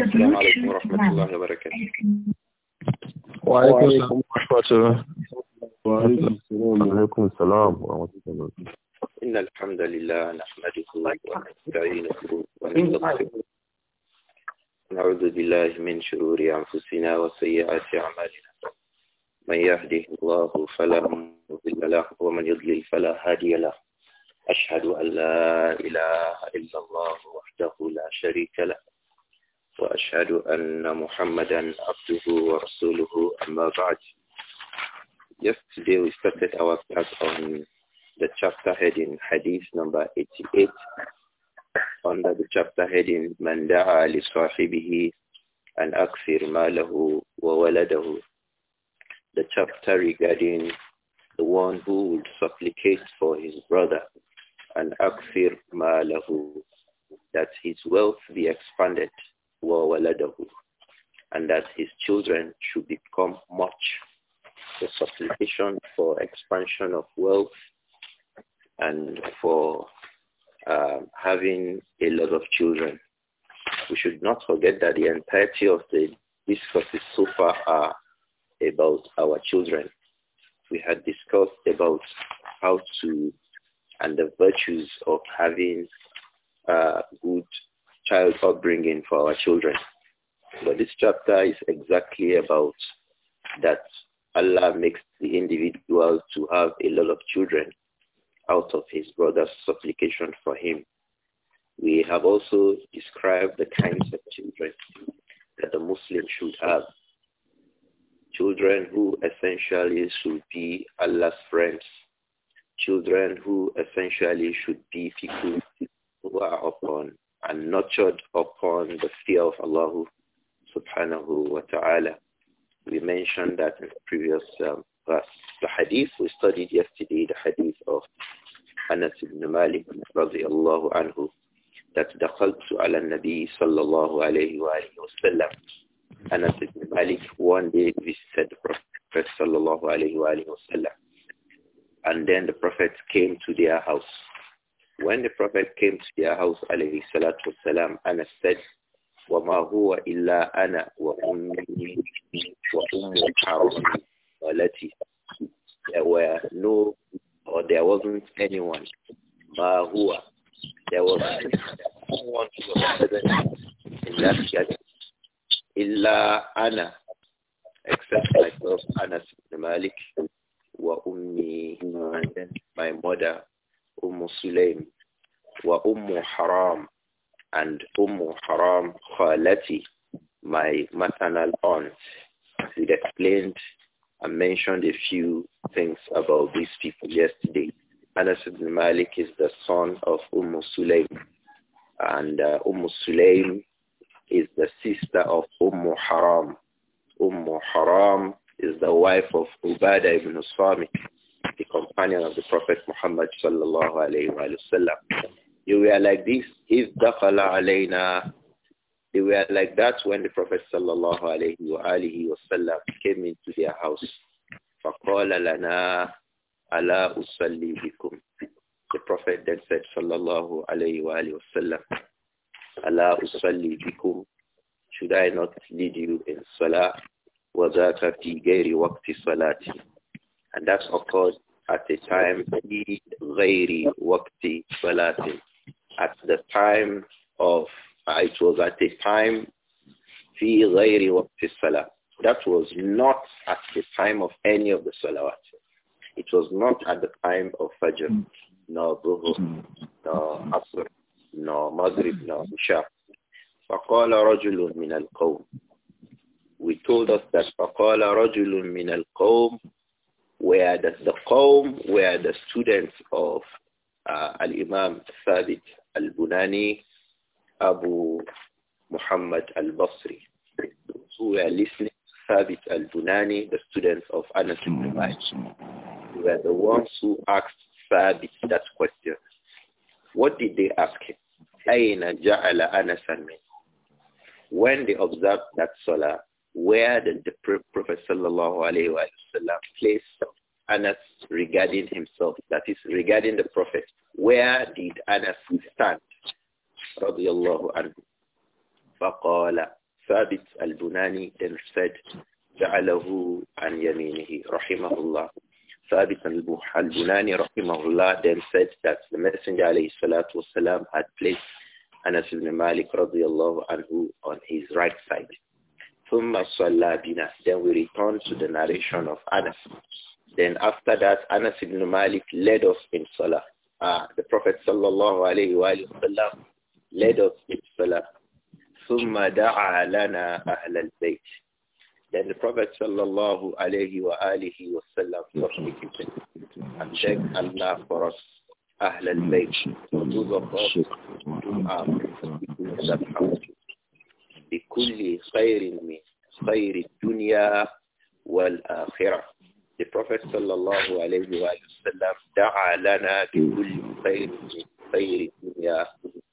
السلام عليكم ورحمة الله وبركاته وعليكم السلام ورحمة الله وعليكم السلام ورحمة الله وبركاته إن الحمد لله نحمده ونستعينه ونستغفره نعوذ بالله من شرور أنفسنا وسيئات أعمالنا من يهده الله فلا مضل له ومن يضلل فلا هادي له أشهد أن لا إله إلا الله وحده لا شريك له وأشهد أن محمدا عبده ورسوله أما بعد Yesterday we started our class on the chapter heading Hadith number 88 under the chapter heading من دعا لصاحبه أن أكثر ماله وولده The chapter regarding the one who would supplicate for his brother and أكثر ماله that his wealth be expanded وَوَلَدَهُ and that his children should become much. The supplication for expansion of wealth and for uh, having a lot of children. We should not forget that the entirety of the discourses so far are about our children. We had discussed about how to and the virtues of having uh, good child upbringing for our children. But this chapter is exactly about that Allah makes the individual to have a lot of children out of his brother's supplication for him. We have also described the kinds of children that the Muslim should have. Children who essentially should be Allah's friends. Children who essentially should be people nurtured upon the fear of Allah subhanahu wa ta'ala. We mentioned that in the previous um, verse. The hadith we studied yesterday, the hadith of Anas ibn Malik radiallahu anhu, that dakhaltu ala nabi sallallahu alayhi wa alayhi wa sallam. Anas ibn Malik one day visited the Prophet sallallahu alayhi wa alayhi wa sallam. And then the Prophet came to their house when the Prophet came to your house, alayhi salatu wasalam, Anas said, وَمَا هُوَ إِلَّا أَنَا وَأُمِّي وَأُمُّ حَرَمِي وَلَتِي There were no, or there wasn't anyone. مَا هُوَ There was no one who was present in that إِلَّا أَنَا Except myself, Anas ibn Malik, wa and then my mother Umm Sulaim wa Ummu Haram and Ummu Haram Khalati, my maternal aunt. It explained and mentioned a few things about these people yesterday. Anas ibn Malik is the son of Umm Sulaim. And uh, Umm Sulaim is the sister of Umm Haram. Umm Haram is the wife of Ubadah ibn Aswami, the companion of the Prophet Muhammad sallallahu alayhi wa sallam. They were like this, if dakhala alayna. They were like that when the Prophet sallallahu alayhi wa alihi came into their house. فَقَالَ لَنَا أَلَا أُصَلِّي بِكُمْ The Prophet then said sallallahu alayhi wa alihi أَلَا أُصَلِّي بِكُمْ Should I not lead you in salah? وَذَاكَ فِي غَيْرِ وَقْتِ صَلَاتِ And that's occurred at a time غَيْرِ وَقْتِ صَلَاتِ at the time of, uh, it was at a time, fi ghayri waqti salah. That was not at the time of any of the salawat. It was not at the time of Fajr, mm. no Dhuhr, mm. no mm. Asr, no Maghrib, no Isha. فقال رجل من القوم we told us that فقال رجل من القوم where the, the qawm were the students of uh, Al-Imam Thabit al-Bunani, Abu البصري. al-Basri, who were listening to Thabit al-Bunani, the students of Anas ibn mm-hmm. Malik. They were the ones who asked Thabit that question. What did they ask him? أين جعل أنسا When they observed that salah, where did the Prophet sallallahu alayhi wa sallam place Anas regarding himself, that is regarding the Prophet where did Anas stand? رضي الله عنه فقال ثابت البناني then said جعله عن يمينه رحمه الله ثابت البناني رحمه الله then said that the messenger عليه الصلاة والسلام had placed Anas ibn Malik رضي الله عنه on his right side ثم صلى بنا then we return to the narration of Anas then after that Anas ibn Malik led us in Salah uh, the Prophet sallallahu alayhi wa sallam led us in salah. ثُمَّ دَعَى لَنَا أَهْلَ الْبَيْتِ Then the Prophet sallallahu alayhi wa alihi wa sallam supplicated and begged Allah for us, أَهْلَ الْبَيْتِ Those of us who are people in that house. بِكُلِّ خَيْرٍ مِنْ خَيْرِ الدُّنْيَا وَالْآخِرَةِ the Prophet sallallahu alayhi wa sallam da'a lana bi kulli khayri dunya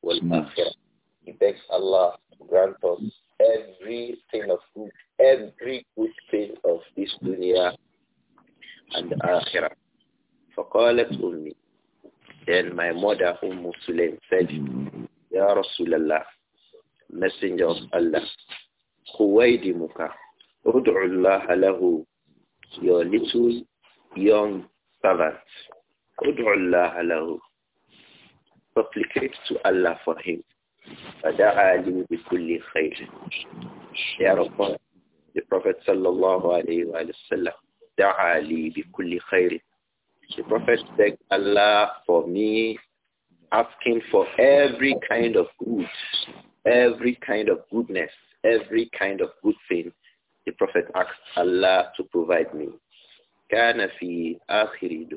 wal akhirah. He begs Allah to grant us everything of good, every good thing of this dunya and akhirah. فقالت أمي Then my mother, Umm Sulaim, said, Ya Rasulallah, Messenger of Allah, خويدمك ادعو الله له your little young servant. Allah, Supplicate to Allah for him. Thereupon, the Prophet sallallahu alayhi wa sallam, da'ali bi kulli khairin. The Prophet begged Allah for me, asking for every kind of good, every kind of goodness, every kind of good thing the Prophet asked Allah to provide me. كان في آخر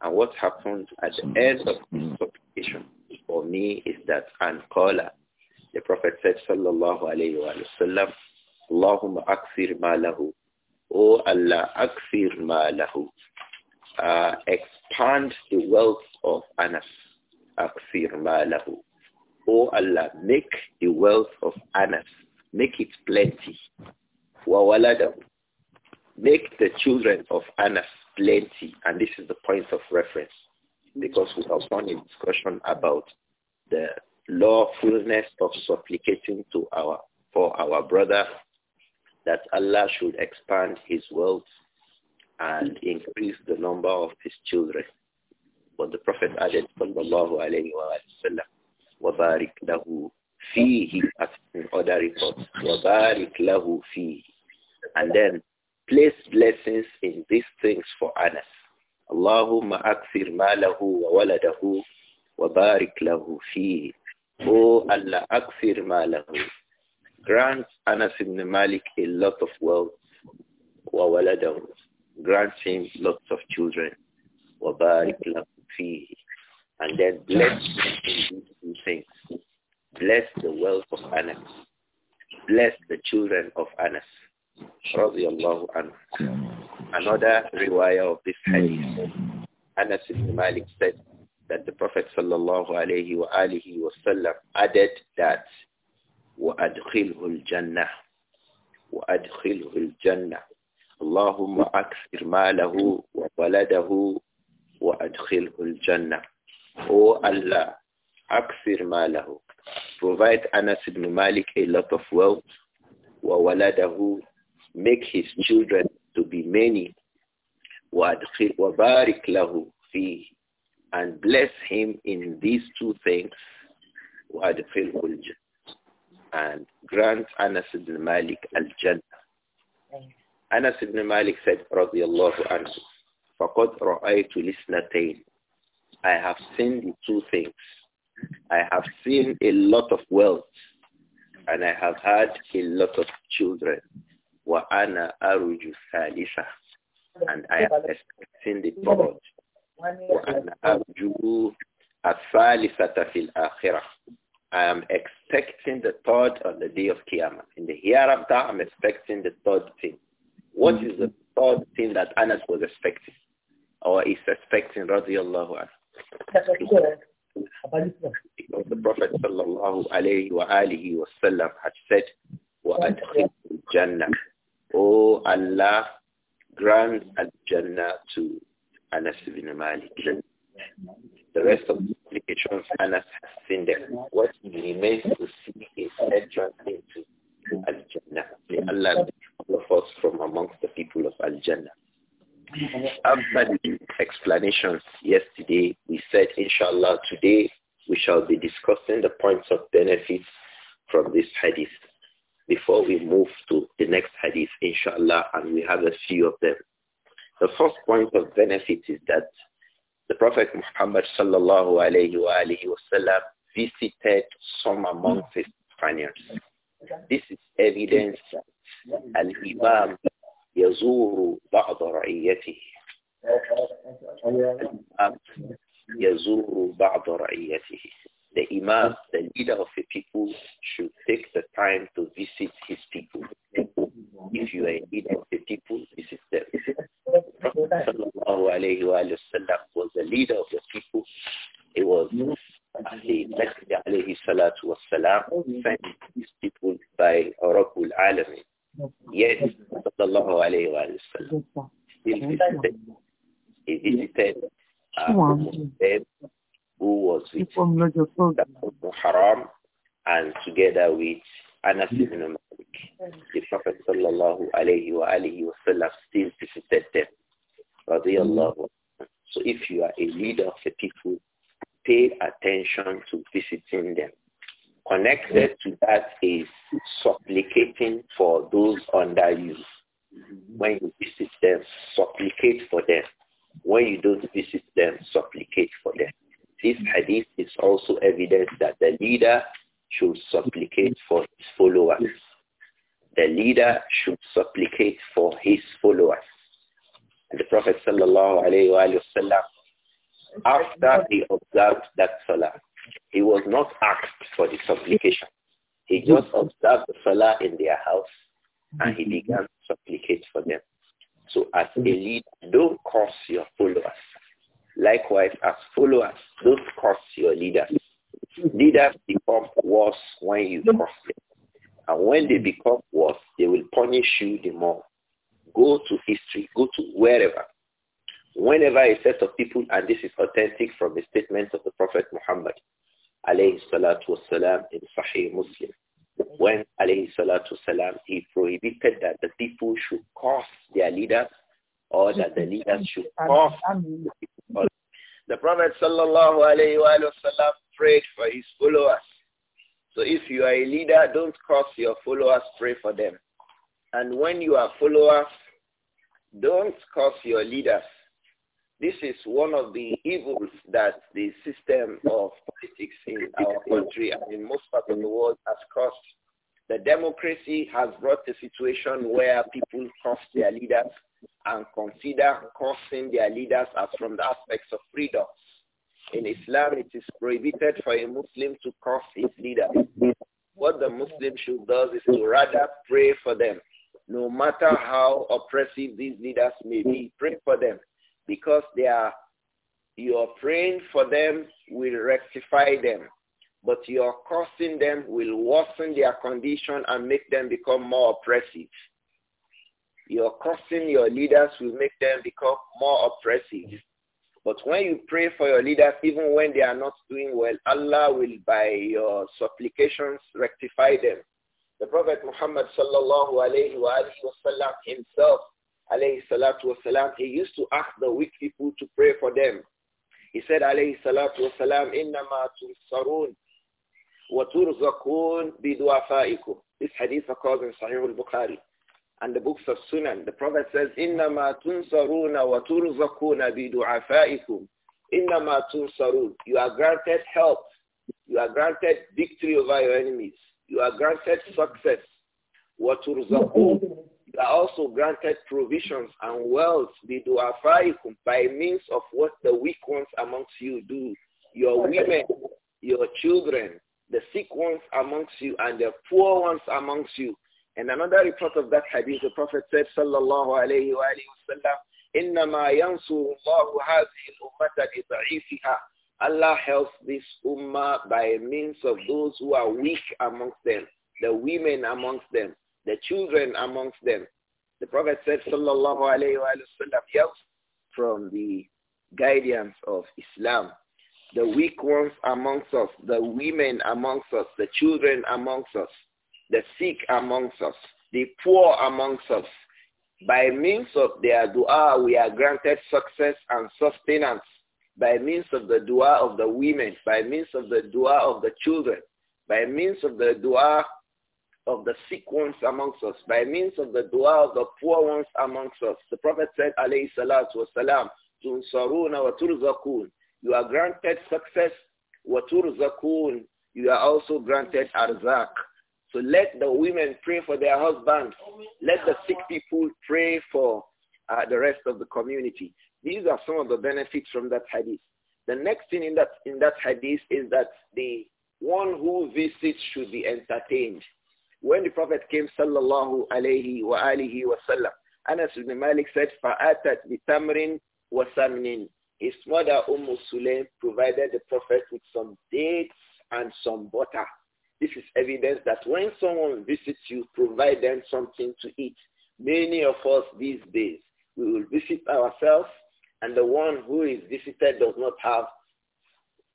And what happened at the end of his mm. supplication for me is that an The Prophet said, sallallahu alayhi wa sallam, Allahumma akfir ma lahu. O Allah, akfir ma lahu. Uh, expand the wealth of Anas. Akfir ma lahu. O Allah, make the wealth of Anas. Make it plenty. وَوَلَدَهُ Make the children of Anas plenty, and this is the point of reference, because we have done a discussion about the lawfulness of supplicating to our for our brother that Allah should expand his wealth and increase the number of his children. But the Prophet added, Sallallahu alayhi wa sallam, وَبَارِكْ لَهُ فِيهِ As in other reports, وَبَارِكْ لَهُ فِيهِ and then place blessings in these things for Anas. Allahumma akfir malahu wa waladahu wa barik lahu fihi. Oh Allah, akfir malahu. Grant Anas ibn Malik a lot of wealth wa waladahu. Grant him lots of children. Wa barik lahu fihi. And then bless in these things. Bless the wealth of Anas. Bless the children of Anas radiallahu anhu. Another riwayah of this hadith, Anas ibn Malik said that the Prophet sallallahu alayhi wa alihi wasallam added that وَأَدْخِلْهُ الْجَنَّةِ وَأَدْخِلْهُ الْجَنَّةِ اللهم أكثر ماله وولده وأدخله الجنة Oh Allah, أكثر ماله Provide Anas ibn Malik a lot of wealth وولده make his children to be many. And bless him in these two things. And grant Anas ibn Malik al-Jannah. Anas ibn Malik said, رضي الله عنه, فَقَدْ رَأَيْتُ لِسْنَتَيْنِ I have seen the two things. I have seen a lot of wealth and I have had a lot of children wa ana aruju salisa, and I am expecting the third. Wa ana aruju asalisata fil akhirah. I am expecting the third on the day of Qiyamah. In the hereafter, I'm expecting the third thing. What is the third thing that Anas was expecting? Or is expecting, radiallahu anhu? the Prophet sallallahu alayhi wa alihi wasallam had said, وَأَدْخِلُ الْجَنَّةِ Allah grants al-Jannah to Anas ibn Malik. The rest of the implications Anas has seen them. What remains to see is entrance into al-Jannah. May Allah be all of us from amongst the people of al-Jannah. After the explanations yesterday, we said, inshallah, today we shall be discussing the points of benefits from this hadith before we move to the next hadith, inshallah, and we have a few of them. The first point of benefit is that the Prophet Muhammad sallallahu alayhi wa alayhi wasallam visited some among his companions. This is evidence that Al-Imam the imam, the leader of a people, should take the time to visit his people. If you are a leader of a people, visit them. The Prophet was the leader of the people. He was Ali alayhi salatu wasalam, sent his people by Rabbul Alamin. Yes, sallallahu alayhi wa sallam. He visited, he visited uh, who was with Haram and together with Anas ibn Malik. The Prophet sallallahu alayhi wa alihi wa sallam still visited them. So if you are a leader of the people, pay attention to visiting them. Connected to that is supplicating for those under you. When you visit them, supplicate for them. When you don't visit them, supplicate for them. This hadith is also evidence that the leader should supplicate for his followers. The leader should supplicate for his followers. And the Prophet sallallahu after he observed that salah, he was not asked for the supplication. He just observed the salah in their house and he mm-hmm. began to supplicate for them. So as a leader, don't curse your followers. Likewise, as followers, don't curse your leaders. Leaders become worse when you curse them. And when they become worse, they will punish you the more. Go to history. Go to wherever. Whenever a set of people, and this is authentic from the statements of the Prophet Muhammad, alayhi salatu wasalam, in Sahih Muslim, when alayhi salatu wasalam, he prohibited that the people should curse their leaders or that the leaders should The Prophet sallallahu alayhi wasallam prayed for his followers. So if you are a leader, don't curse your followers, pray for them. And when you are followers, don't curse your leaders. This is one of the evils that the system of politics in our country and in most parts of the world has caused. The democracy has brought a situation where people curse their leaders and consider cursing their leaders as from the aspects of freedom. In Islam, it is prohibited for a Muslim to curse his leader. What the Muslim should do is to rather pray for them. No matter how oppressive these leaders may be, pray for them because they are, your praying for them will rectify them but your cursing them will worsen their condition and make them become more oppressive. Your cursing your leaders will make them become more oppressive. But when you pray for your leaders, even when they are not doing well, Allah will by your supplications rectify them. The Prophet Muhammad sallallahu alayhi wa wasallam himself, alayhi salatu wasalam, he used to ask the weak people to pray for them. He said alayhi salatu wasalam, innama tunsarun wa turzakun bidu'afaikum. This hadith occurs in Sahih al-Bukhari and the books of Sunan. The Prophet says, إِنَّمَا تُنْصَرُونَ وَتُرْزَقُونَ بِدُعَفَائِكُم إِنَّمَا tunsarun. You are granted help. You are granted victory over your enemies. You are granted success. وَتُرْزَقُونَ You are also granted provisions and wealth بِدُعَفَائِكُم by means of what the weak ones amongst you do. Your women, your children, the sick ones amongst you, and the poor ones amongst you in another report of that hadith, the Prophet said, sallallahu alayhi wa alayhi wa sallam, إِنَّمَا يَنْصُرُ اللَّهُ هَذِهِ الْأُمَّةَ بِضَعِيفِهَا Allah helps this ummah by means of those who are weak amongst them, the women amongst them, the children amongst them. The Prophet said, sallallahu alayhi wa sallam, helps from the guidance of Islam. The weak ones amongst us, the women amongst us, the children amongst us the sick amongst us, the poor amongst us. By means of their dua, we are granted success and sustenance. By means of the dua of the women, by means of the dua of the children, by means of the dua of the sick ones amongst us, by means of the dua of the poor ones amongst us. The Prophet said, alayhi salatu wasalam, tunsaruna You are granted success, wa You are also granted arzak. So let the women pray for their husbands. Let the sick people pray for uh, the rest of the community. These are some of the benefits from that hadith. The next thing in that, in that hadith is that the one who visits should be entertained. When the Prophet came, sallallahu alayhi wa alihi wa sallam, Anas ibn Malik said, فَأَتَتْ بِتَمْرٍ وَسَمْنٍ His mother, Umm Sulaim, provided the Prophet with some dates and some butter. This is evidence that when someone visits you, provide them something to eat. Many of us these days, we will visit ourselves and the one who is visited does not have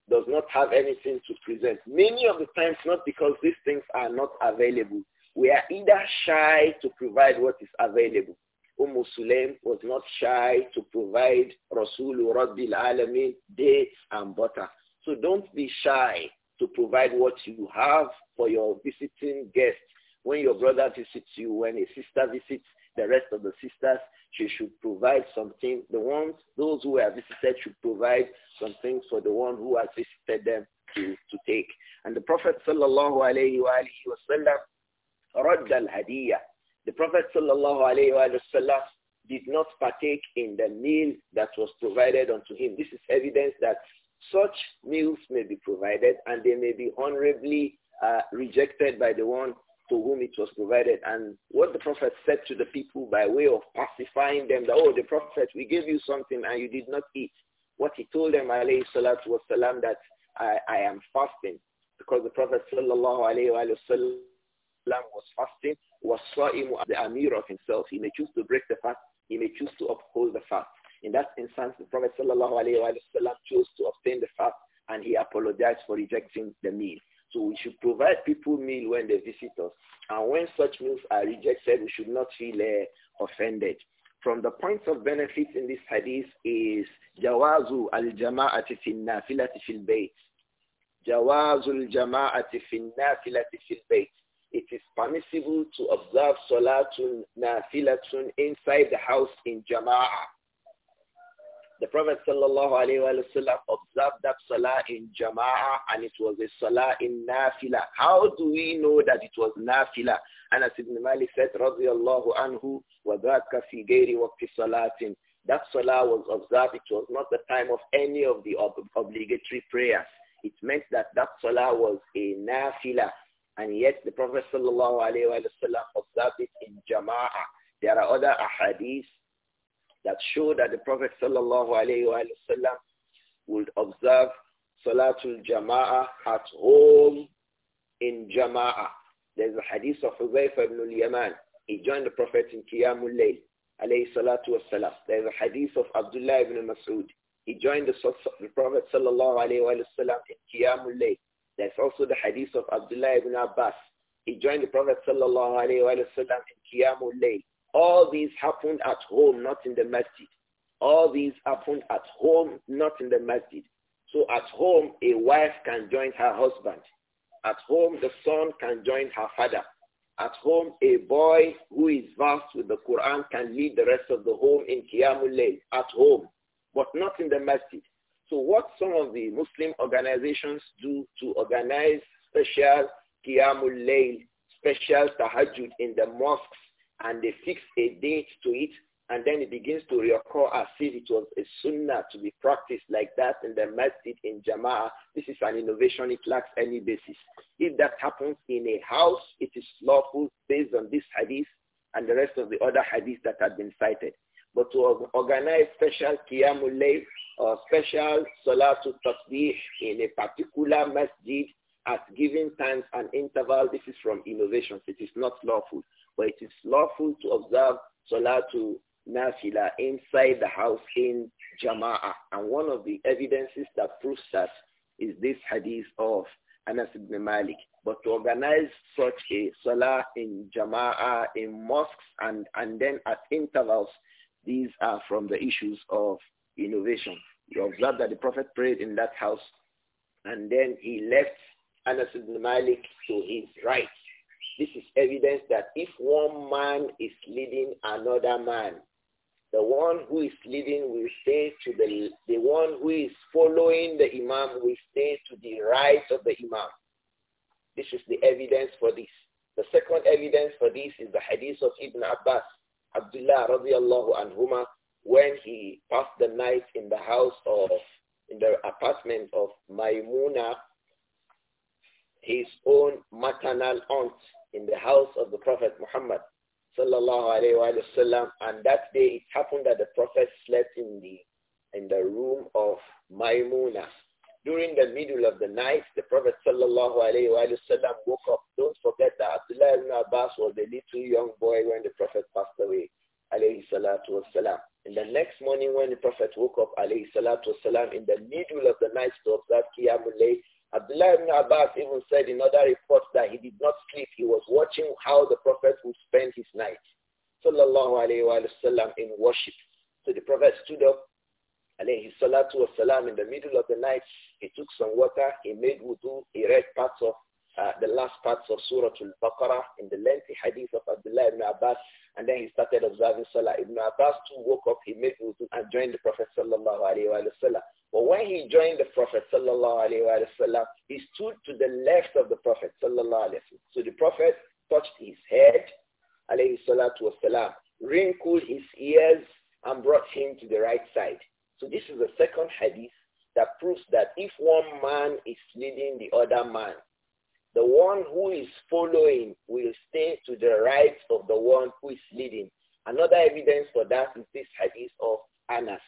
does not have anything to present. Many of the times not because these things are not available. We are either shy to provide what is available. Umm Sulaim was not shy to provide Rasulul Rabbil Alameen dates and butter. So don't be shy to provide what you have for your visiting guests. When your brother visits you, when a sister visits the rest of the sisters, she should provide something. The ones, those who are visited should provide something for the one who has visited them to, to take. And the Prophet sallallahu alayhi wa alayhi wa sallam, رد The Prophet sallallahu alayhi wa sallam did not partake in the meal that was provided unto him. This is evidence that such meals may be provided and they may be honorably uh, rejected by the one to whom it was provided. And what the prophet said to the people by way of pacifying them, that, oh, the prophet, we gave you something and you did not eat. What he told them, alayhi salatu was salam, that I, I am fasting. Because the prophet, sallallahu alayhi wa sallam, was fasting, was the amir of himself. He may choose to break the fast. He may choose to uphold the fast. In that instance, the Prophet sallallahu chose to obtain the fast and he apologized for rejecting the meal. So we should provide people meal when they visit us. And when such meals are rejected, we should not feel uh, offended. From the points of benefit in this hadith is jawazu al-jama'ati fi nafilati fil bayt. Jawazu al-jama'ati fi nafilati fil bayt. It is permissible to observe salatun nafilatun inside the house in jama'ah. The Prophet sallallahu alayhi wa observed that salah in jama'ah and it was a salah in nafila. How do we know that it was nafila? Anas ibn Malik said, radiyallahu anhu, wa dhaka fi gayri waqti salatin. That salah was observed. It was not the time of any of the ob obligatory prayers. It meant that that salah was a nafila. And yet the Prophet sallallahu alayhi wa observed it in jama'ah. There are other ahadiths that show that the Prophet sallallahu would observe Salatul Jama'ah at home in Jama'ah. There's a hadith of Huzaifa ibn al-Yaman. He joined the Prophet in Qiyamul Layl, alayhi salatu wassalam. There's a hadith of Abdullah ibn Mas'ud. He joined the, the Prophet sallallahu alayhi wa sallam in Qiyamul Layl. There's also the hadith of Abdullah ibn Abbas. He joined the Prophet sallallahu alayhi wa sallam in Qiyamul Layl. All these happened at home, not in the masjid. All these happened at home, not in the masjid. So at home, a wife can join her husband. At home, the son can join her father. At home, a boy who is versed with the Quran can lead the rest of the home in Qiyamul Layl at home, but not in the masjid. So what some of the Muslim organizations do to organize special Qiyamul Layl, special Tahajjud in the mosques and they fix a date to it and then it begins to reoccur as if it was a sunnah to be practiced like that in the masjid in Jama'ah. This is an innovation. It lacks any basis. If that happens in a house, it is lawful based on this hadith and the rest of the other hadiths that have been cited. But to organize special qiyamul layl or special salatul tasbih in a particular masjid at given times and interval, this is from innovations. It is not lawful. But it is lawful to observe Salatu Nafila inside the house in Jama'ah. And one of the evidences that proves that is this hadith of Anas ibn Malik. But to organize such a Salah in Jama'ah, in mosques, and, and then at intervals, these are from the issues of innovation. You observe that the Prophet prayed in that house and then he left Anas ibn Malik to his right this is evidence that if one man is leading another man, the one who is leading will stay to the, the one who is following the imam will stay to the right of the imam. This is the evidence for this. The second evidence for this is the hadith of Ibn Abbas, Abdullah radiallahu anhuma, when he passed the night in the house of, in the apartment of Maimuna, his own maternal aunt, in the house of the Prophet Muhammad sallallahu alayhi wa sallam. And that day it happened that the Prophet slept in the in the room of Maimuna. During the middle of the night, the Prophet sallallahu alayhi wa sallam woke up. Don't forget that Abdullah ibn Abbas was a little young boy when the Prophet passed away alayhi salatu wasalam. And the next morning when the Prophet woke up alayhi salatu wasalam in the middle of the night to observe Qiyamul Layl, Abdullah ibn Abbas even said in other reports that he did not sleep. He was watching how the Prophet would spend his night, sallallahu alayhi wa sallam, in worship. So the Prophet stood up, alayhi salatu Salam in the middle of the night. He took some water, he made wudu, he read parts of uh, the last parts of Surah Al-Baqarah in the lengthy hadith of Abdullah ibn Abbas. And then he started observing Salah. Ibn Abbas too woke up, he made wudu and joined the Prophet sallallahu alaihi wasallam. But when he joined the Prophet sallallahu alaihi wasallam, he stood to the left of the Prophet sallallahu Alaihi Wasallam. So the Prophet touched his head, alayhi salatu Wasallam, wrinkled his ears and brought him to the right side. So this is the second hadith that proves that if one man is leading the other man, the one who is following will stay to the right of the one who is leading. Another evidence for that is this hadith of Anas.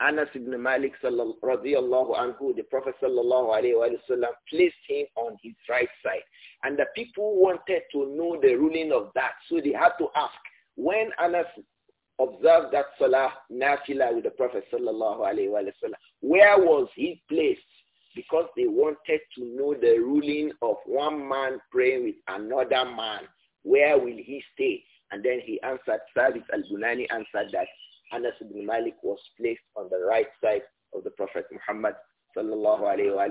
Anas ibn Malik radiallahu anhu, the Prophet sallallahu alayhi wa sallam, placed him on his right side. And the people wanted to know the ruling of that, so they had to ask. When Anas observed that salah nafila with the Prophet sallallahu alayhi wa where was he placed? because they wanted to know the ruling of one man praying with another man. Where will he stay? And then he answered, Sabit al-Bunani answered that Anas ibn Malik was placed on the right side of the Prophet Muhammad sallallahu alayhi wa,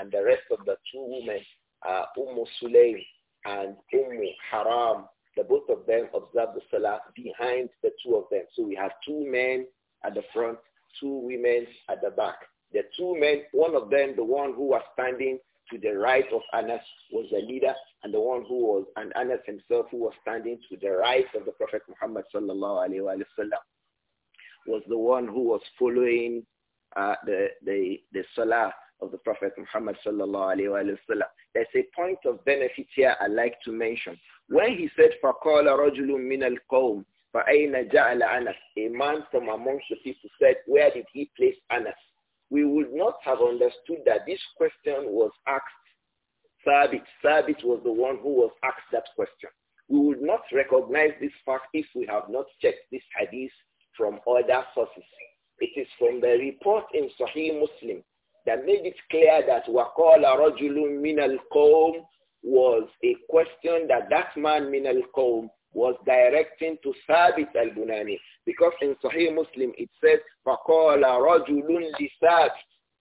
and the rest of the two women, uh, Umm Sulaym and Umm Haram, the both of them observed the Salah behind the two of them. So we have two men at the front, two women at the back. The two men, one of them, the one who was standing to the right of Anas was the leader, and the one who was, and Anas himself who was standing to the right of the Prophet Muhammad sallallahu alaihi wasallam was the one who was following uh, the, the, the salah of the Prophet Muhammad sallallahu alaihi wasallam. There's a point of benefit here I like to mention. When he said, فَقَالَ رَجُلٌ مِنَ الْقَوْمِ فَأَيْنَ جَعَلَ أَنَسٍ A man from amongst the people said, where did he place have understood that this question was asked. Sabit, Sabit was the one who was asked that question. We would not recognize this fact if we have not checked this hadith from other sources. It is from the report in Sahih Muslim that made it clear that waqala رَجُلٌ مِنَ الْقَوْمِ was a question that that man min al was directing to Sabit al-Bunani. Because in Sahih Muslim it says, فَقَالَ Li Sabit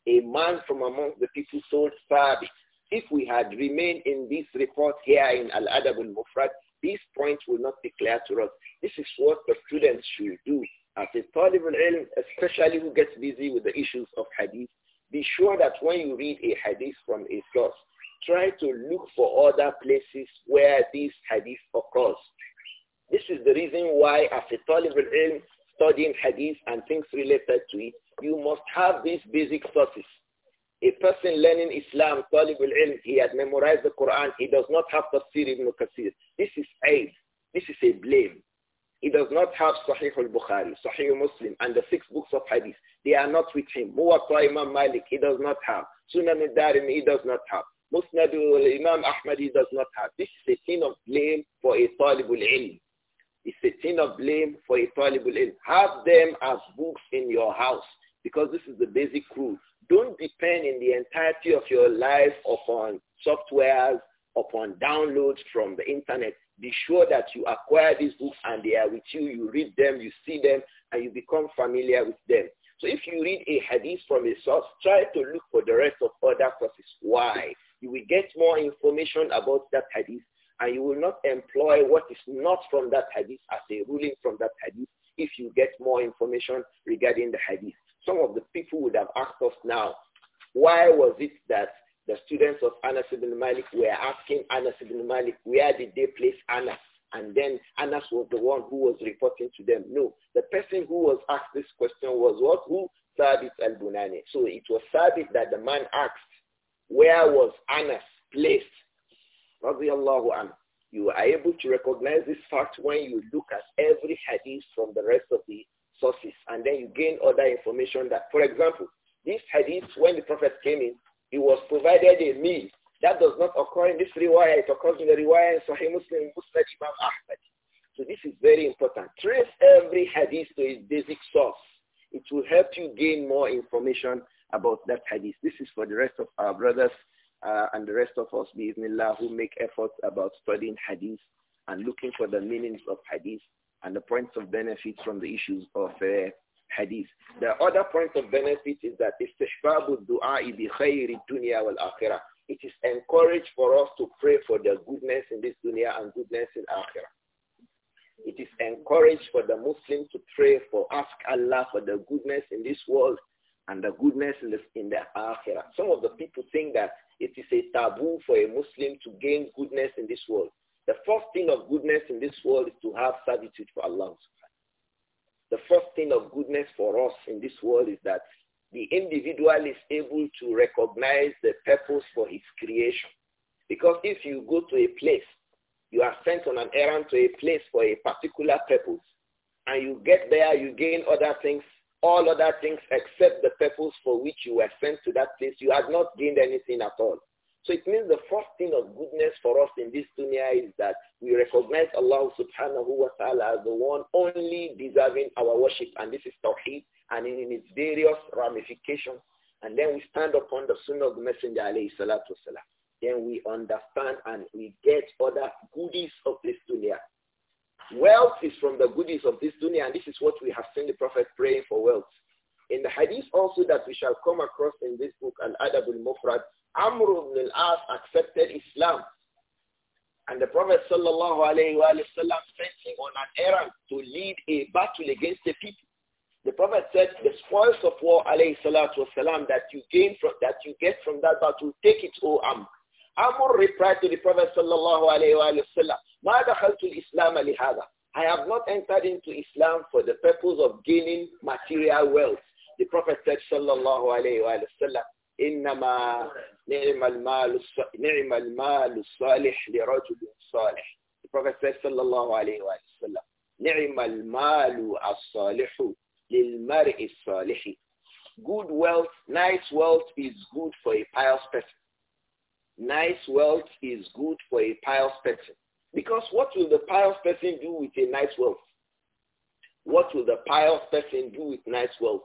a man from among the people told Thabit, if we had remained in this report here in Al-Adab al-Mufrad, this point will not be clear to us. This is what the students should do. As a talib al-ilm, especially who gets busy with the issues of hadith, be sure that when you read a hadith from a source, try to look for other places where this hadith occurs. This is the reason why as a talib al-ilm, studying hadith and things related to it, you must have these basic sources. A person learning Islam, Talib al-Ilm, he has memorized the Quran, he does not have Tafsir ibn Kathir. This is aid. This is a blame. He does not have Sahih al-Bukhari, Sahih Muslim, and the six books of Hadith. They are not with him. Muwatta Imam Malik, he does not have. Sunan al-Darim, he does not have. Musnad al-Imam Ahmad, he does not have. This is a thing of blame for a Talib al-Ilm. It's a thing of blame for a Talib al-Ilm. Have them as books in your house because this is the basic rule. Don't depend in the entirety of your life upon softwares, upon downloads from the internet. Be sure that you acquire these books and they are with you. You read them, you see them, and you become familiar with them. So if you read a hadith from a source, try to look for the rest of other sources. Why? You will get more information about that hadith and you will not employ what is not from that hadith as a ruling from that hadith if you get more information regarding the hadith. Some of the people would have asked us now, why was it that the students of Anas ibn Malik were asking Anas ibn Malik, where did they place Anas? And then Anas was the one who was reporting to them. No, the person who was asked this question was what? Who? Sabit al-Bunani. So it was Sabit that the man asked, where was Anas placed? Radiallahu anhu. You are able to recognize this fact when you look at every hadith from the rest of the sources and then you gain other information that, for example, this hadith, when the Prophet came in, he was provided a meal. That does not occur in this riwayah. It occurs in the riwayah Sahih Muslim, Muslim Imam Ahmad. So this is very important. Trace every hadith to its basic source. It will help you gain more information about that hadith. This is for the rest of our brothers uh, and the rest of us, bismillah, who make efforts about studying hadith and looking for the meanings of hadith and the points of benefits from the issues of uh, hadith. The other point of benefit is that istishbabu du'a bi khayri dunya wal akhirah. It is encouraged for us to pray for the goodness in this dunya and goodness in akhirah. It is encouraged for the Muslim to pray for, ask Allah for the goodness in this world and the goodness in the, in the akhirah. Some of the people think that it is a taboo for a Muslim to gain goodness in this world. The first thing of goodness in this world is to have servitude for Allah. The first thing of goodness for us in this world is that the individual is able to recognize the purpose for his creation. Because if you go to a place, you are sent on an errand to a place for a particular purpose, and you get there, you gain other things, all other things except the purpose for which you were sent to that place, you have not gained anything at all. So it means the first thing of goodness for us in this dunya is that we recognize Allah subhanahu wa ta'ala as the one only deserving our worship. And this is Tawheed and in its various ramifications. And then we stand upon the sunnah of the Messenger alayhi salatu wasalam. Then we understand and we get other goodies of this dunya. Wealth is from the goodies of this dunya and this is what we have seen the Prophet praying for wealth. In the hadith also that we shall come across in this book, Al-Adab al-Mufrad, Amr ibn al-As accepted Islam. And the Prophet sallallahu alayhi wa sent him on an errand to lead a battle against the people. The Prophet said, the spoils of war, alayhi salatu wasalam, that you gain from, that you get from that battle, take it, O Amr. Amr replied to the Prophet sallallahu alayhi wa sallam, مَا دَخَلْتُ الْإِسْلَامَ لِهَذَا I have not entered into Islam for the purpose of gaining material wealth. The Prophet said, sallallahu alayhi wa sallam, إنما نعم المال نعم المال الصالح لرجل صالح. The Prophet said صلى الله عليه وسلم نعم المال الصالح للمرء الصالح. Good wealth, nice wealth is good for a pious person. Nice wealth is good for a pious person. Because what will the pious person do with a nice wealth? What will the pious person do with nice wealth?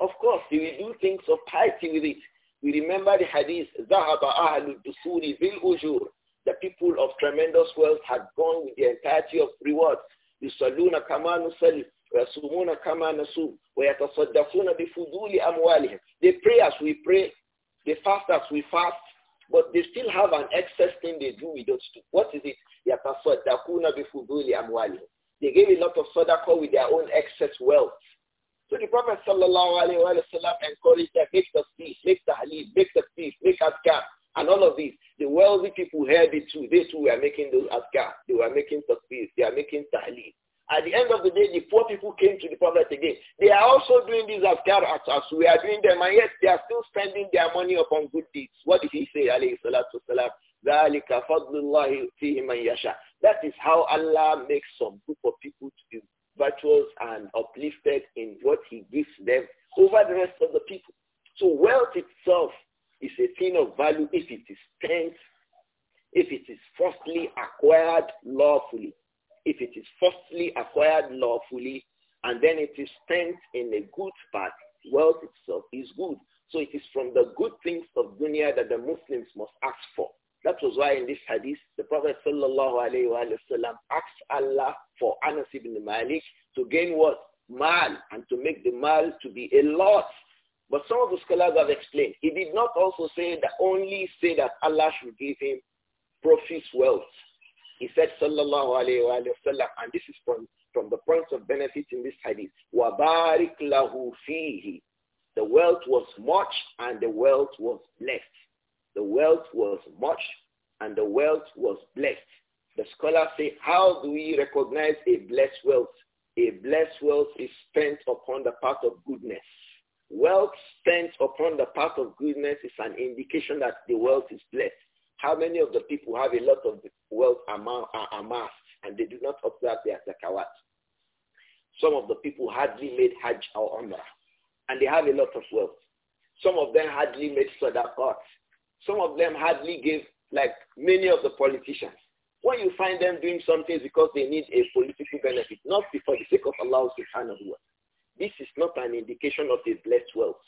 Of course, he will do things of piety with it. We remember the hadith, ذَهَبَ أَهْلُ الدُّسُورِ بِالْأُجُورِ The people of tremendous wealth had gone with the entirety of rewards. يُصَلُّونَ كَمَا نُصَلِّ وَيَصُومُونَ كَمَا نَصُومُ وَيَتَصَدَّقُونَ بِفُضُولِ أَمْوَالِهِمْ They pray as we pray. They fast as we fast. But they still have an excess thing they do with those two. What is it? يَتَصَدَّقُونَ بِفُضُولِ أَمْوَالِهِمْ They gave a lot of sadaqah with their own excess wealth. So the Prophet sallallahu alaihi wasallam encouraged them, make the speech, make the halib, make the speech, make adkar, and all of these. The wealthy people heard it too. They too were making those adkar. They were making tasbih. They are making tahleel. At the end of the day, the poor people came to the Prophet again. They are also doing these adkar as, as we are doing them, and yet they are still spending their money upon good deeds. What did he say, alayhi salatu wasalam? That is how Allah makes some virtuous and uplifted in what he gives them over the rest of the people. So wealth itself is a thing of value if it is spent, if it is firstly acquired lawfully, if it is firstly acquired lawfully, and then it is spent in a good path, wealth itself is good. So it is from the good things of dunya that the Muslims must ask for. That was why in this hadith, the Prophet sallallahu alayhi wa sallam asked Allah for Anas ibn Malik to gain what? Mal, and to make the mal to be a lot. But some of the scholars have explained, he did not also say that only say that Allah should give him Prophet's wealth. He said, sallallahu alayhi wa sallam, and this is from, from the points of benefit in this hadith, وَبَارِكْ لَهُ فِيهِ The wealth was much and the wealth was blessed. The wealth was much and the wealth was blessed. The scholars say, how do we recognize a blessed wealth? A blessed wealth is spent upon the path of goodness. Wealth spent upon the path of goodness is an indication that the wealth is blessed. How many of the people have a lot of wealth amassed and they do not observe their zakawat? Some of the people hardly made Hajj or Umrah and they have a lot of wealth. Some of them hardly made sadaqat some of them hardly give, like many of the politicians. When you find them doing something because they need a political benefit, not for the sake of Allah subhanahu wa This is not an indication of a blessed wealth.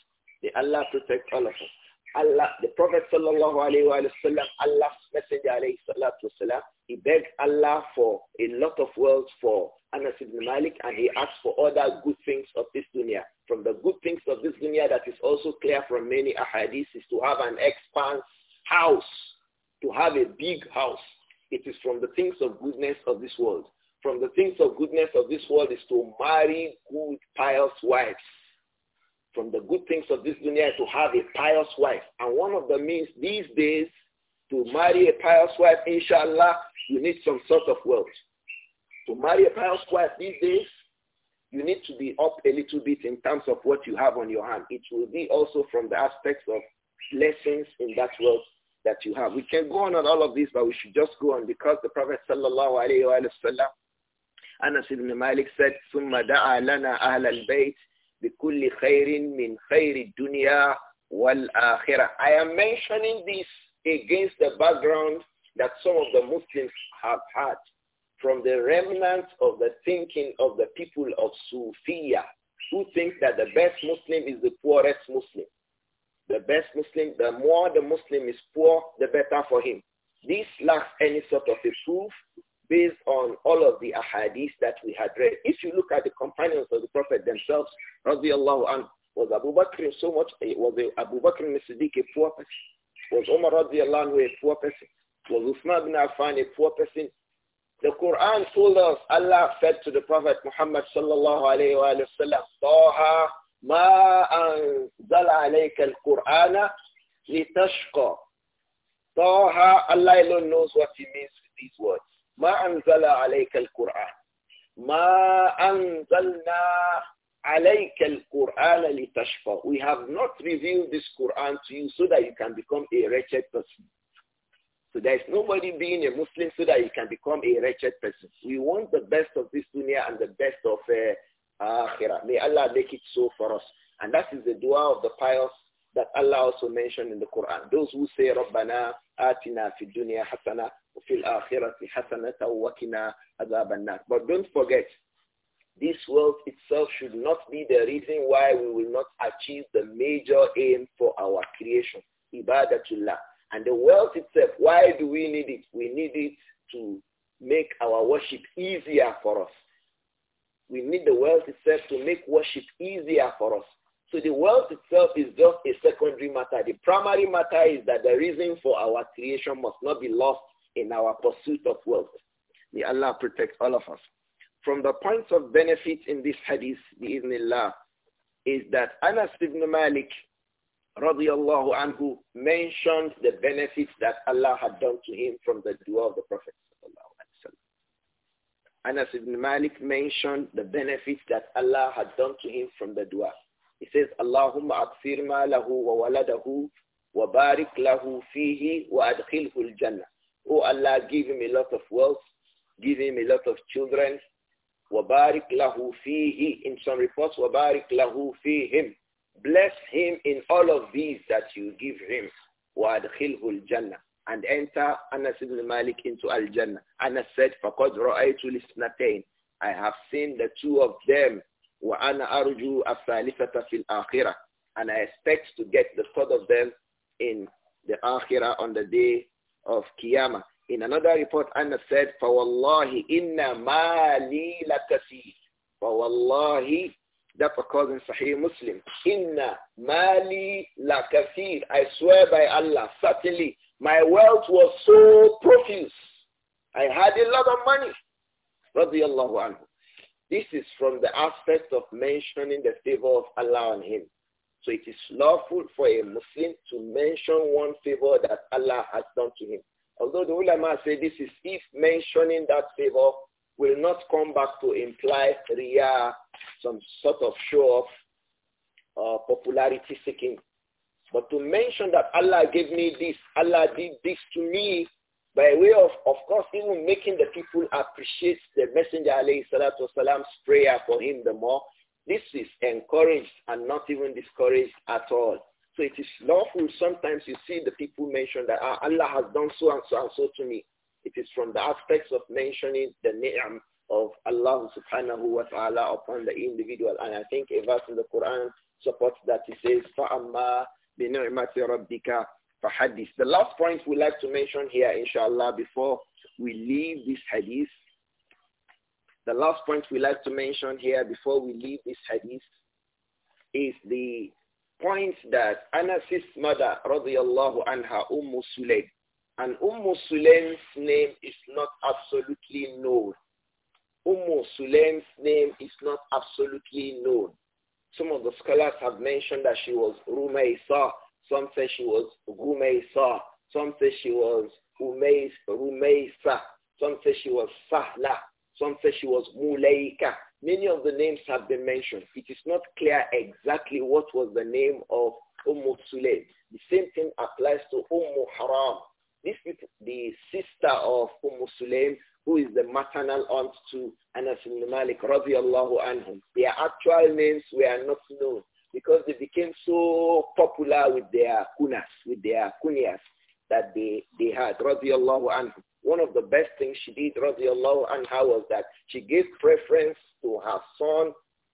May Allah protect all of us. Allah, the Prophet sallallahu alayhi wa Allah's messenger alayhi salatu wasalam, he begged Allah for a lot of wealth for Anas ibn Malik and he asked for other good things of this dunya. From the good things of this dunya that is also clear from many ahadith is to have an expanse house, to have a big house. It is from the things of goodness of this world. From the things of goodness of this world is to marry good, pious wives from the good things of this dunya is to have a pious wife. And one of the means these days to marry a pious wife, inshallah, you need some sort of wealth. To marry a pious wife these days, you need to be up a little bit in terms of what you have on your hand. It will be also from the aspects of blessings in that wealth that you have. We can go on on all of this, but we should just go on because the Prophet sallallahu alayhi wa sallam, Anas ibn Malik said, ثُمَّ دَعَى لَنَا أَهْلَ الْبَيْتِ بِكُلِّ خَيْرٍ مِنْ خَيْرِ الدُّنْيَا وَالْآخِرَةِ I am mentioning this against the background that some of the Muslims have had from the remnants of the thinking of the people of Sufia who think that the best Muslim is the poorest Muslim. The best Muslim, the more the Muslim is poor, the better for him. This lacks any sort of a proof based on all of the ahadith that we had read. If you look at the companions of the Prophet themselves, radiallahu anhu, was Abu Bakr so much, eh, was Abu Bakr al-Siddiq a poor person? Was Umar radiallahu anhu a poor person? Was Uthman ibn Affan a poor person? The Quran told us, Allah said to the Prophet Muhammad sallallahu alayhi wa sallam, Taha ma anzala alayka al-Qur'ana litashqa. Taha, Allah alone knows what he means with these words. ما أنزل عليك القرآن ما أنزلنا عليك القرآن لتشفى We have not revealed this Quran to you so that you can become a wretched person. So there is nobody being a Muslim so that you can become a wretched person. We want the best of this dunya and the best of uh, akhirah. May Allah make it so for us. And that is the dua of the pious that Allah also mentioned in the Quran. Those who say, Rabbana atina fid dunya الْآخِرَةِ حَسَنَةً وَكِنَا عَذَابَ النَّارِ But don't forget, this wealth itself should not be the reason why we will not achieve the major aim for our creation, ibadatullah. And the wealth itself, why do we need it? We need it to make our worship easier for us. We need the wealth itself to make worship easier for us. So the wealth itself is just a secondary matter. The primary matter is that the reason for our creation must not be lost in our pursuit of wealth. May Allah protect all of us. From the points of benefit in this hadith, bi'idhnillah, is that Anas ibn Malik, radiallahu anhu, mentioned the benefits that Allah had done to him from the dua of the Prophet. Anas ibn Malik mentioned the benefits that Allah had done to him from the dua. He says, Allahumma akfir ma lahu wa waladahu wa barik lahu fihi wa adkhilhu al-jannah. Oh Allah, give him a lot of wealth, give him a lot of children. وَبَارِكْ لَهُ فِيهِ In some reports, وَبَارِكْ لَهُ him, Bless him in all of these that you give him. وَأَدْخِلْهُ الْجَنَّةِ And enter Anas ibn Malik into Al-Jannah. Anas said, فَقَدْ رَأَيْتُ لِسْنَتَيْنِ I have seen the two of them. وَأَنَا أَرْجُو الثَّالِثَةَ فِي الْآخِرَةِ And I expect to get the third of them in the Akhirah on the day of Qiyamah. In another report, Anna said, فَوَاللَّهِ إِنَّ مَا لِي لَكَثِيرٌ فَوَاللَّهِ That occurs in Sahih Muslim. Inna mali lakathir. I swear by Allah, certainly my wealth was so profuse. I had a lot of money. Radiallahu anhu. This is from the aspect of mentioning the favor of Allah on him. So it is lawful for a Muslim to mention one favor that Allah has done to him. Although the ulama say this is if mentioning that favor will not come back to imply riyah, some sort of show of uh, popularity seeking. But to mention that Allah gave me this, Allah did this to me, by way of, of course, even making the people appreciate the Messenger alayhi salatu wasalam's prayer for him the more, this is encouraged and not even discouraged at all. So it is lawful. Sometimes you see the people mention that ah, Allah has done so and so and so to me. It is from the aspects of mentioning the ni'am of Allah subhanahu wa ta'ala upon the individual. And I think a verse in the Quran supports that. It says, The last point we like to mention here, inshallah, before we leave this hadith the last point we like to mention here before we leave this hadith is the point that Anas's mother, radiallahu anha, Umm Sulaim, and Umm Sulaim's name is not absolutely known. Umm Sulaim's name is not absolutely known. Some of the scholars have mentioned that she was Rumaysa, some say she was Rumaysa, some say she was Umays, Rumaysa, some say she was Sahla, some say she was Muleika. Many of the names have been mentioned. It is not clear exactly what was the name of Umm Sulaim. The same thing applies to Umm Haram. This is the sister of Umm Sulaim, who is the maternal aunt to Anas ibn Malik, radiallahu anhum. Their actual names were not known because they became so popular with their kunas, with their kunyas that they, they had, radiallahu anhum one of the best things she did, radiallahu anha, was that she gave preference to her son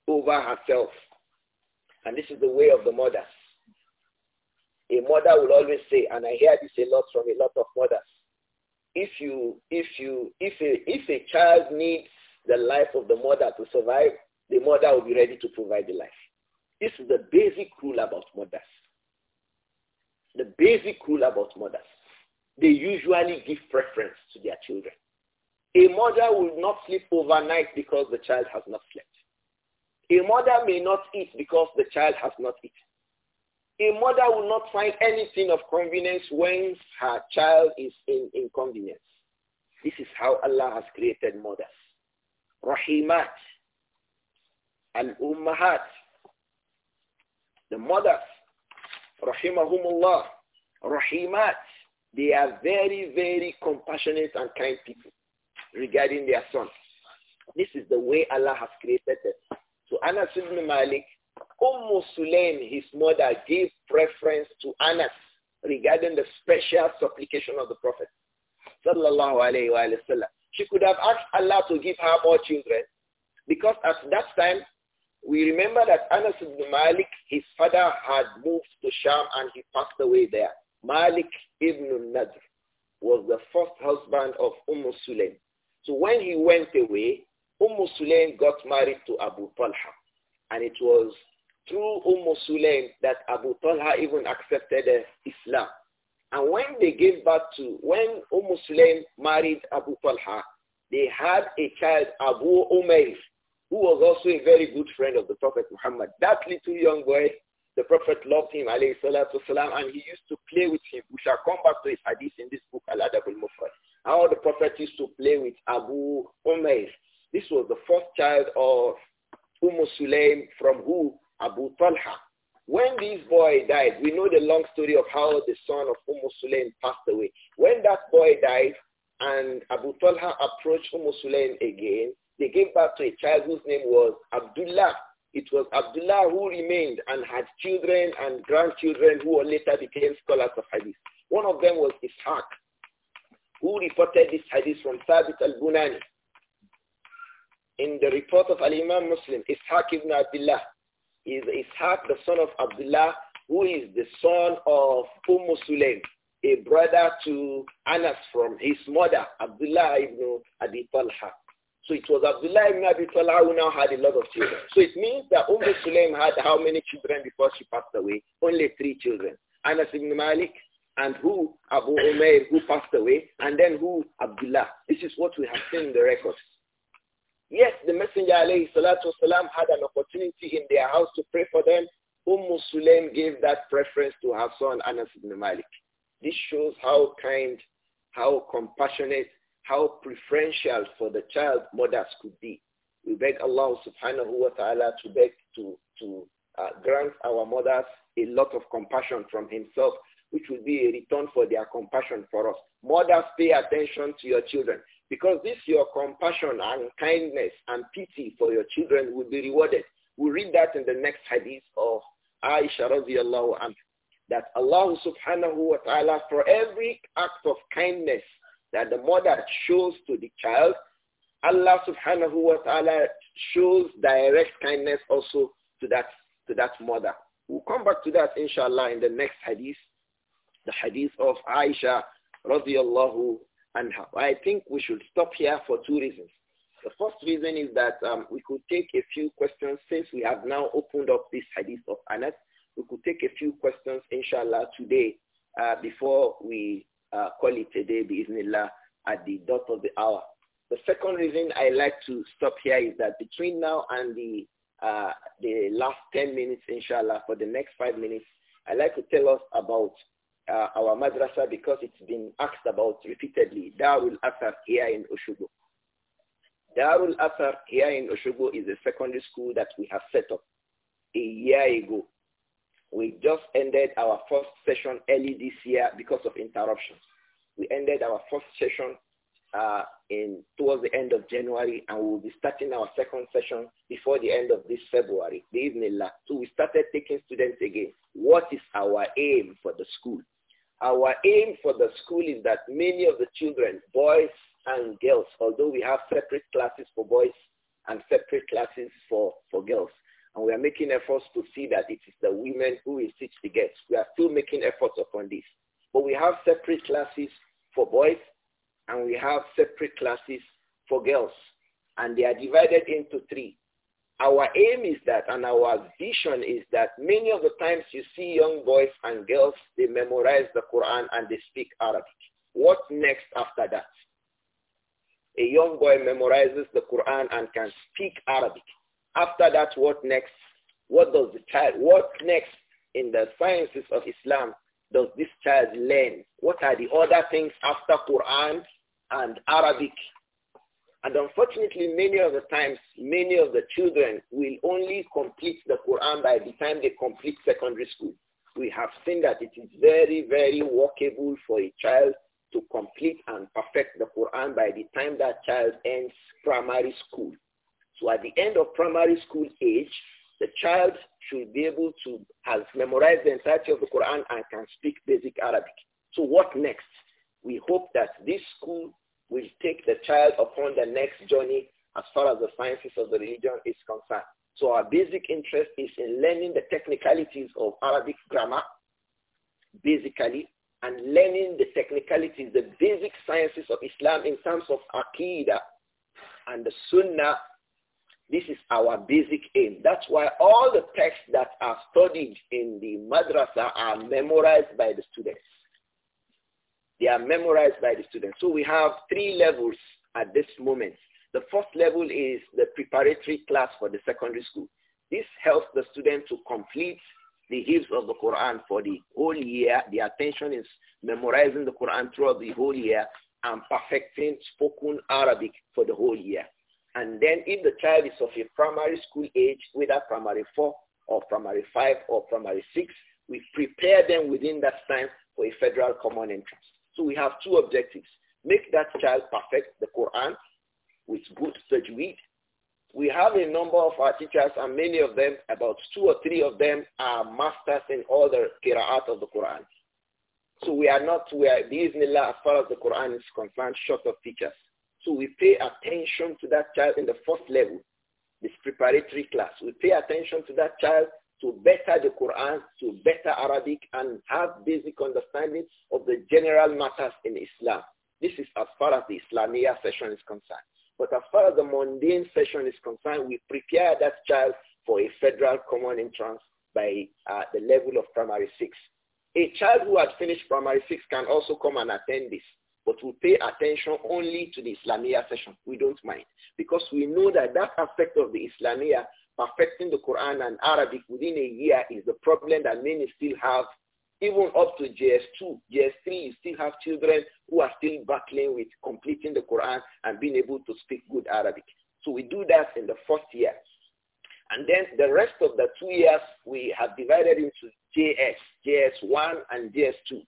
over herself. And this is the way of the mothers. A mother will always say, and I hear this a lot from a lot of mothers, if you, if you, if a, if a child needs the life of the mother to survive, the mother will be ready to provide the life. This is the basic rule about mothers. The basic rule about mothers they usually give preference to their children. A mother will not sleep overnight because the child has not slept. A mother may not eat because the child has not eaten. A mother will not find anything of convenience when her child is in inconvenience. This is how Allah has created mothers. Rahimat. Al-Ummahat. The mothers. Rahimahumullah. Rahimat. They are very, very compassionate and kind people regarding their son. This is the way Allah has created them. So Anas ibn Malik, Umm Sulaim, his mother, gave preference to Anas regarding the special supplication of the Prophet. Sallallahu alayhi wa She could have asked Allah to give her more children because at that time, we remember that Anas ibn Malik, his father had moved to Sham and he passed away there. Malik ibn Nadr was the first husband of Umm Sulaim. So when he went away, Umm Sulaim got married to Abu Talha. And it was through Umm Sulaim that Abu Talha even accepted uh, Islam. And when they gave birth to, when Umm Sulaim married Abu Talha, they had a child, Abu Umayr, who was also a very good friend of the Prophet Muhammad. That little young boy the Prophet loved him, and he used to play with him. We shall come back to his hadith in this book, Al-Adab al-Mufrad. How the Prophet used to play with Abu Umayr. This was the first child of Umm Sulaim from who? Abu Talha. When this boy died, we know the long story of how the son of Umm Sulaim passed away. When that boy died and Abu Talha approached Umm Sulaim again, they gave birth to a child whose name was Abdullah. It was Abdullah who remained and had children and grandchildren who later became scholars of hadith. One of them was Ishaq, who reported this hadith from Thabit al-Bunani. In the report of Al-Imam Muslim, Ishaq ibn Abdullah is Ishaq, the son of Abdullah, who is the son of Umm Sulaim, a brother to Anas from his mother, Abdullah ibn Abi Talha. So it was Abdullah ibn Abi Talha who now had a lot of children. So it means that Umm Sulaim had how many children before she passed away? Only three children. Anas ibn Malik and who? Abu Umair who passed away and then who? Abdullah. This is what we have seen in the records. Yes, the Messenger alayhi salatu wasalam, had an opportunity in their house to pray for them. Umm Sulaim gave that preference to her son Anas ibn Malik. This shows how kind, how compassionate, how preferential for the child mothers could be. We beg Allah subhanahu wa ta'ala to beg to, to uh, grant our mothers a lot of compassion from himself, which will be a return for their compassion for us. Mothers, pay attention to your children because this your compassion and kindness and pity for your children will be rewarded. We read that in the next hadith of Aisha radiallahu anha that Allah subhanahu wa ta'ala for every act of kindness that the mother shows to the child, Allah subhanahu wa ta'ala shows direct kindness also to that, to that mother. We'll come back to that inshallah in the next hadith, the hadith of Aisha radiallahu anha. I think we should stop here for two reasons. The first reason is that um, we could take a few questions since we have now opened up this hadith of Anas. We could take a few questions, inshallah, today uh, before we uh, call it a day, at the dot of the hour. The second reason I like to stop here is that between now and the uh, the last 10 minutes, inshallah, for the next five minutes, I'd like to tell us about uh, our madrasa because it's been asked about repeatedly. Darul Asar here in Oshogo. Darul Asar here in Oshogo is a secondary school that we have set up a year ago. We just ended our first session early this year because of interruptions. We ended our first session uh, in towards the end of January, and we'll be starting our second session before the end of this February, the evening last. So we started taking students again. What is our aim for the school? Our aim for the school is that many of the children, boys and girls, although we have separate classes for boys and separate classes for, for girls, and we are making efforts to see that it is the women who will teach the girls. We are still making efforts upon this. But we have separate classes for boys and we have separate classes for girls. And they are divided into three. Our aim is that and our vision is that many of the times you see young boys and girls, they memorize the Quran and they speak Arabic. What next after that? A young boy memorizes the Quran and can speak Arabic. After that, what next? What does the child, what next in the sciences of Islam does this child learn? What are the other things after Quran and Arabic? And unfortunately, many of the times, many of the children will only complete the Quran by the time they complete secondary school. We have seen that it is very, very workable for a child to complete and perfect the Quran by the time that child ends primary school. So at the end of primary school age, the child should be able to have memorized the entirety of the Quran and can speak basic Arabic. So what next? We hope that this school will take the child upon the next journey as far as the sciences of the religion is concerned. So our basic interest is in learning the technicalities of Arabic grammar, basically, and learning the technicalities, the basic sciences of Islam in terms of Aqidah and the Sunnah this is our basic aim. That's why all the texts that are studied in the madrasa are memorized by the students. They are memorized by the students. So we have three levels at this moment. The first level is the preparatory class for the secondary school. This helps the student to complete the heaps of the Quran for the whole year. The attention is memorizing the Quran throughout the whole year and perfecting spoken Arabic for the whole year. And then if the child is of a primary school age, whether primary four or primary five or primary six, we prepare them within that time for a federal common entrance. So we have two objectives. Make that child perfect the Quran with good tajweed. We have a number of our teachers and many of them, about two or three of them are masters in all the qira'at of the Quran. So we are not, we are, bismillah, as far as the Quran is concerned, short of teachers. So we pay attention to that child in the first level, this preparatory class. We pay attention to that child to better the Quran, to better Arabic, and have basic understanding of the general matters in Islam. This is as far as the Islamia session is concerned. But as far as the mundane session is concerned, we prepare that child for a federal common entrance by uh, the level of primary six. A child who has finished primary six can also come and attend this but we pay attention only to the Islamia session. We don't mind because we know that that aspect of the Islamia, perfecting the Quran and Arabic within a year is the problem that many still have. Even up to JS2, JS3, you still have children who are still battling with completing the Quran and being able to speak good Arabic. So we do that in the first year. And then the rest of the two years, we have divided into JS, JS1 and JS2.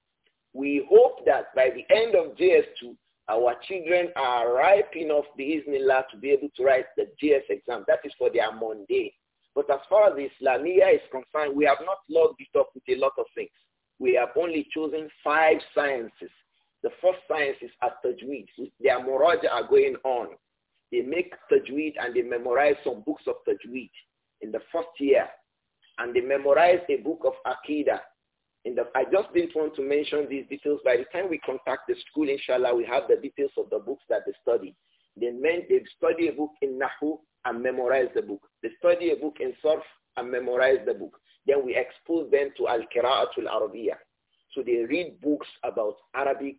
We hope that by the end of JS2, our children are ripe enough, Bismillah, to be able to write the JS exam. That is for their Monday. But as far as the Islamia is concerned, we have not logged it up with a lot of things. We have only chosen five sciences. The first science is at Tajweed. Their memorization are going on. They make Tajweed and they memorize some books of Tajweed in the first year. And they memorize a book of Akida the, I just didn't want to mention these details. By the time we contact the school, inshallah, we have the details of the books that they study. They meant they study a book in Nahu and memorize the book. They study a book in Surf and memorize the book. Then we expose them to Al-Qira'atul Arabiya. So they read books about Arabic,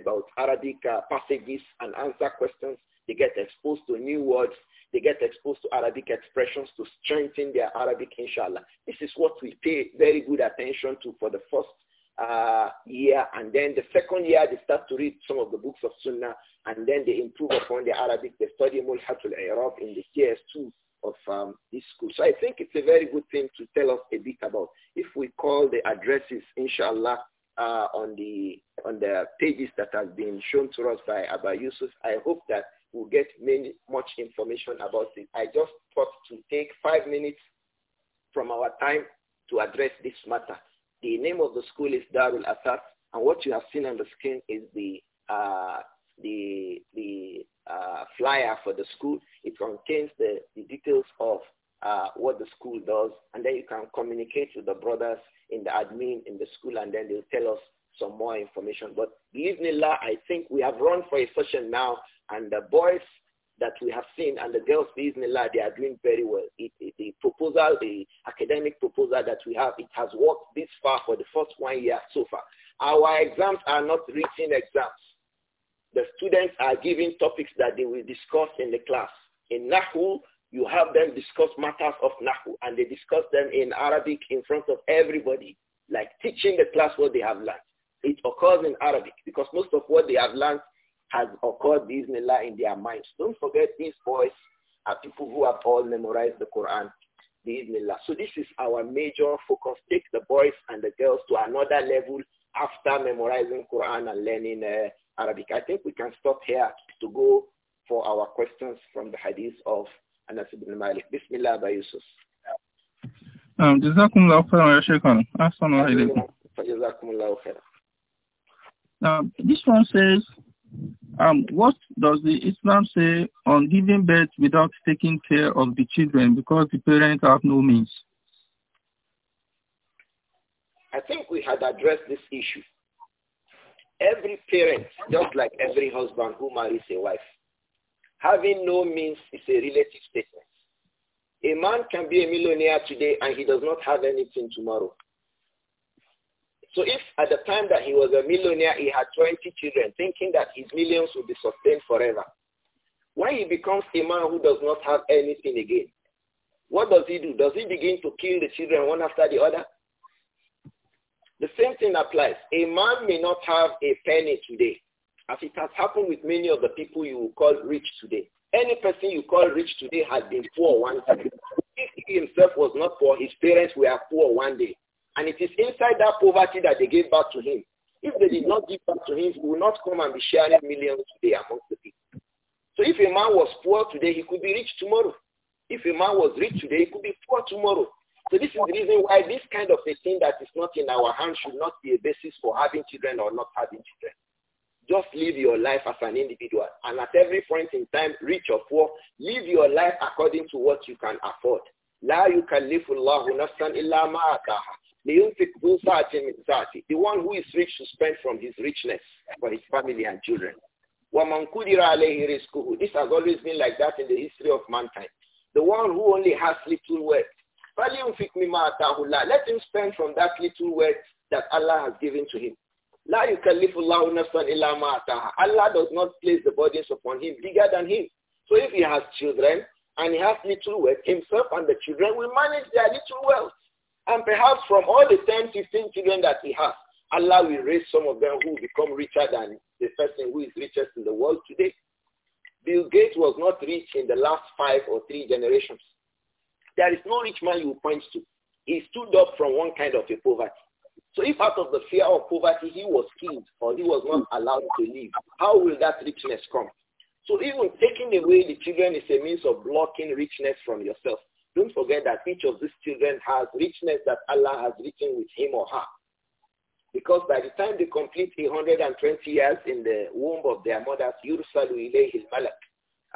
about Arabic uh, passages and answer questions. They get exposed to new words. They get exposed to Arabic expressions to strengthen their Arabic, inshallah. This is what we pay very good attention to for the first uh, year. And then the second year, they start to read some of the books of Sunnah. And then they improve upon the Arabic. They study Mulhatul Arab in the CS2 of um, this school. So I think it's a very good thing to tell us a bit about. If we call the addresses, inshallah, uh, on the on the pages that has been shown to us by Abba Yusuf, I hope that will get many, much information about it. I just thought to take five minutes from our time to address this matter. The name of the school is Darul Asad, and what you have seen on the screen is the uh, the the uh, flyer for the school. It contains the, the details of uh, what the school does, and then you can communicate with the brothers in the admin in the school, and then they'll tell us some more information. But believe me, I think we have run for a session now, and the boys that we have seen and the girls, lab, they are doing very well. It, it, the proposal, the academic proposal that we have, it has worked this far for the first one year so far. Our exams are not written exams. The students are given topics that they will discuss in the class. In Nahu, you have them discuss matters of Nahu, and they discuss them in Arabic in front of everybody, like teaching the class what they have learned. It occurs in Arabic because most of what they have learned has occurred Bismillah in their minds. Don't forget these boys are people who have all memorized the Quran. Bismillah. So this is our major focus. Take the boys and the girls to another level after memorizing Quran and learning uh, Arabic. I think we can stop here to go for our questions from the hadith of Anas ibn Malik. Bismillah by Yusuf. Um, um, this one says, um, what does the Islam say on giving birth without taking care of the children because the parents have no means? I think we had addressed this issue. Every parent, just like every husband who marries a wife, having no means is a relative statement. A man can be a millionaire today and he does not have anything tomorrow. So if at the time that he was a millionaire, he had 20 children, thinking that his millions would be sustained forever, why he becomes a man who does not have anything again, what does he do? Does he begin to kill the children one after the other? The same thing applies. A man may not have a penny today, as it has happened with many of the people you call rich today. Any person you call rich today has been poor one time. If he himself was not poor, his parents were poor one day. And it is inside that poverty that they gave back to him. If they did not give back to him, he would not come and be sharing millions today amongst the people. So if a man was poor today, he could be rich tomorrow. If a man was rich today, he could be poor tomorrow. So this is the reason why this kind of a thing that is not in our hands should not be a basis for having children or not having children. Just live your life as an individual. And at every point in time, rich or poor, live your life according to what you can afford. لا يكلف الله نفسا إلا ما أتاها the one who is rich should spend from his richness for his family and children. This has always been like that in the history of mankind. The one who only has little wealth. Let him spend from that little wealth that Allah has given to him. Allah does not place the burdens upon him bigger than him. So if he has children and he has little wealth, himself and the children will manage their little wealth. And perhaps from all the 10, 15 children that he has, Allah will raise some of them who become richer than the person who is richest in the world today. Bill Gates was not rich in the last five or three generations. There is no rich man you point to. He stood up from one kind of a poverty. So if out of the fear of poverty he was killed or he was not allowed to live, how will that richness come? So even taking away the children is a means of blocking richness from yourself. Don't forget that each of these children has richness that Allah has written with him or her. Because by the time they complete 120 years in the womb of their mothers, Yursalu ilayhi malak.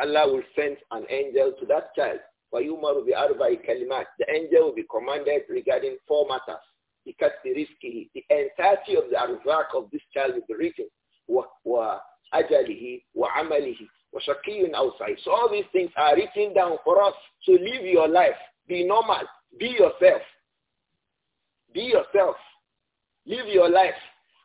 Allah will send an angel to that child. وَيُمَرُ بِأَرْبَعِ كَلِمَاتِ The angel will be commanded regarding four matters. Because the risky, the entirety of the arzak of this child will be written. وَأَجَلِهِ وَعَمَلِهِ وَشَقِيٌّ outside. So all these things are written down for us. to live your life. Be normal. Be yourself. Be yourself. Live your life.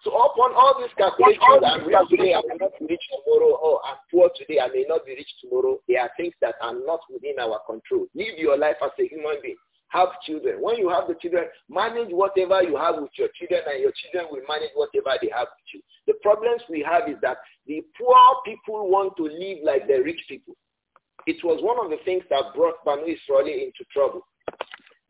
So upon all these calculations, I'm today, I may not be rich tomorrow, or I'm poor today, I may not be rich tomorrow, There are things that are not within our control. Live your life as a human being. Have children. When you have the children, manage whatever you have with your children and your children will manage whatever they have with you. The problems we have is that the poor people want to live like the rich people. It was one of the things that brought Banu Israel into trouble.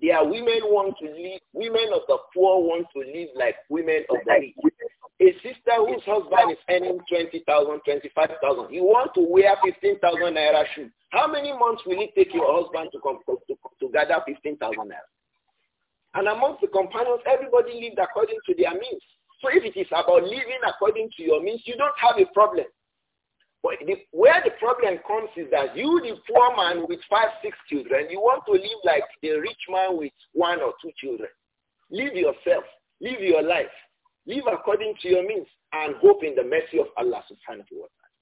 There are women want to live, women of the poor want to live like women of the rich. A sister whose husband is earning 20,000, 25,000, you want to wear 15,000 naira shoes. How many months will it take your husband to, come, to, to gather 15,000 naira? And amongst the companions, everybody lived according to their means. So if it is about living according to your means, you don't have a problem. But the, where the problem comes is that you, the poor man with five, six children, you want to live like the rich man with one or two children. Live yourself. Live your life. Live according to your means and hope in the mercy of Allah subhanahu wa ta'ala.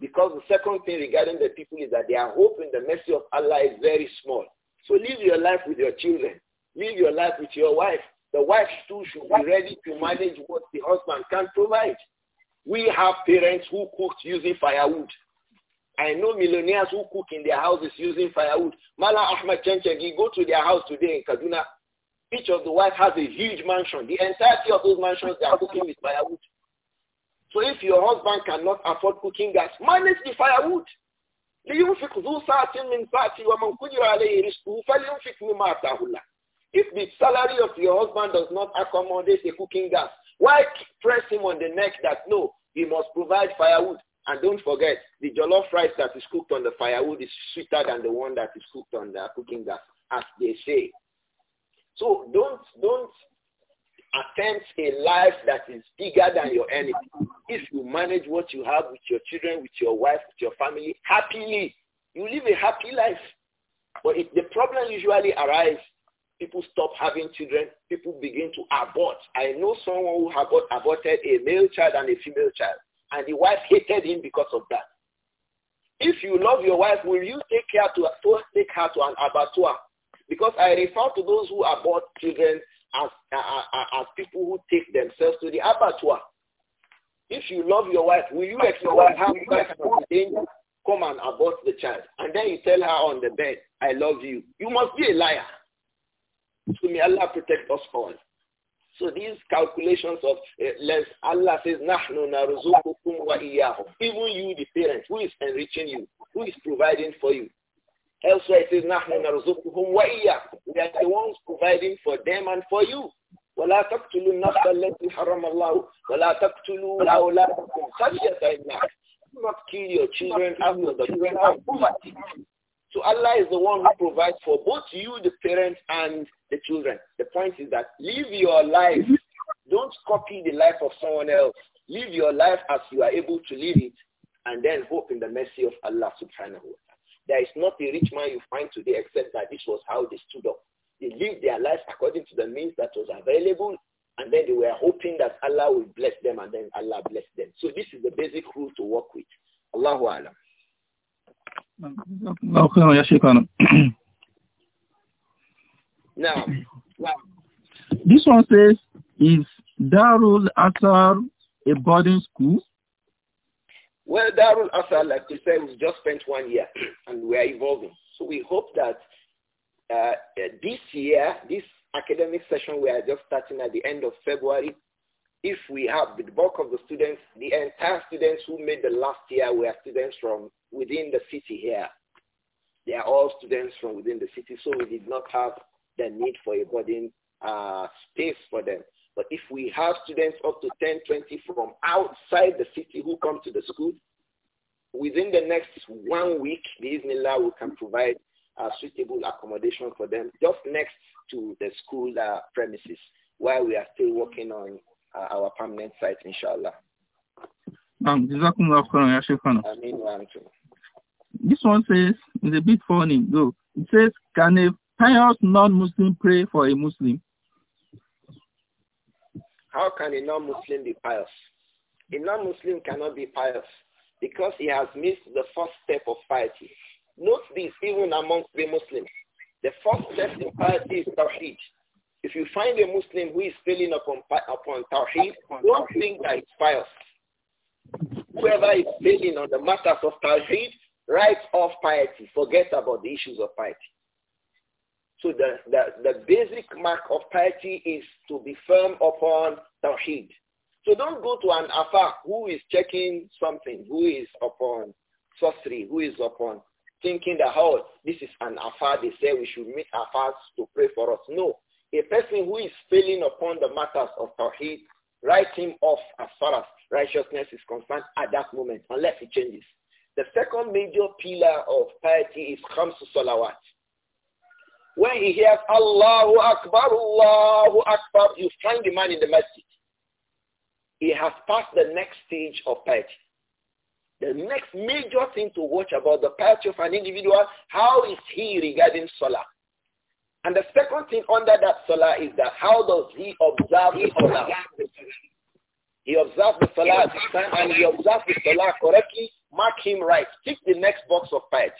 Because the second thing regarding the people is that their hope in the mercy of Allah is very small. So live your life with your children. Live your life with your wife. The wife too should be ready to manage what the husband can provide. We have parents who cooked using firewood. I know millionaires who cook in their houses using firewood. Mala Ahmad Chenchegi, go to their house today in Kaduna. Each of the wives has a huge mansion. The entirety of those mansions, they are cooking with firewood. So if your husband cannot afford cooking gas, manage the firewood. If the salary of your husband does not accommodate the cooking gas, why press him on the neck that no, he must provide firewood? And don't forget, the jollof rice that is cooked on the firewood is sweeter than the one that is cooked on the cooking gas, as they say. So don't don't attempt a life that is bigger than your enemy. If you manage what you have with your children, with your wife, with your family, happily, you live a happy life. But it, the problem usually arises People stop having children. People begin to abort. I know someone who abort, aborted a male child and a female child, and the wife hated him because of that. If you love your wife, will you take care to, to take her to an abattoir? Because I refer to those who abort children as, as, uh, uh, as people who take themselves to the abattoir. If you love your wife, will you expose her to Come and abort the child. And then you tell her on the bed, I love you. You must be a liar. So may Allah protect us all. So these calculations of uh, less, Allah says, Nahnu narzuqukum wa iyahum. Even you, the parents, who is enriching you? Who is providing for you? Elsewhere it says, Nahnu narzuqukum wa iyahum. We are the ones providing for them and for you. ولا تقتلوا النفس التي حرم الله ولا تقتلوا أولادكم خشية إملاق. Do not kill your children after the children of poverty. So Allah is the one who provides for both you, the parents, and the children. The point is that live your life. Don't copy the life of someone else. Live your life as you are able to live it, and then hope in the mercy of Allah subhanahu wa ta'ala. There is not a rich man you find today except that this was how they stood up. They lived their lives according to the means that was available, and then they were hoping that Allah will bless them, and then Allah blessed them. So this is the basic rule to work with. Allahu Alam. الله يا شيخنا Now, this one says, is Darul Asar a boarding school? Well, Darul Asar, like we said, we just spent one year and we are evolving. So we hope that uh, uh, this year, this academic session we are just starting at the end of February, if we have the bulk of the students, the entire students who made the last year were students from within the city here. They are all students from within the city, so we did not have the need for a boarding uh, space for them. But if we have students up to 10, 20 from outside the city who come to the school, within the next one week, Bismillah, we can provide suitable accommodation for them just next to the school uh, premises while we are still working on uh, our permanent site, inshallah. Um, this one says, it's a bit funny though. It says, can a pious non-Muslim pray for a Muslim? How can a non-Muslim be pious? A non-Muslim cannot be pious because he has missed the first step of piety. Note this even amongst the Muslims. The first step in piety is Tawheed. If you find a Muslim who is failing upon, upon Tawheed, don't think that he's pious. Whoever is failing on the matters of Tawheed right off piety. Forget about the issues of piety. So the, the, the basic mark of piety is to be firm upon Tawheed. So don't go to an Afa who is checking something, who is upon sorcery, who is upon thinking that, oh, this is an Afa. They say we should meet Afas to pray for us. No. A person who is failing upon the matters of Tawheed, write him off as far as righteousness is concerned at that moment, unless he changes. The second major pillar of piety is khamsu salawat. When he hears Allahu Akbar, Allahu Akbar, you find the man in the masjid. He has passed the next stage of piety. The next major thing to watch about the piety of an individual, how is he regarding Salah? And the second thing under that Salah is that how does he observe the Salah? He observes the Salah and he observes the Salah correctly Mark him right. Tick the next box of piety.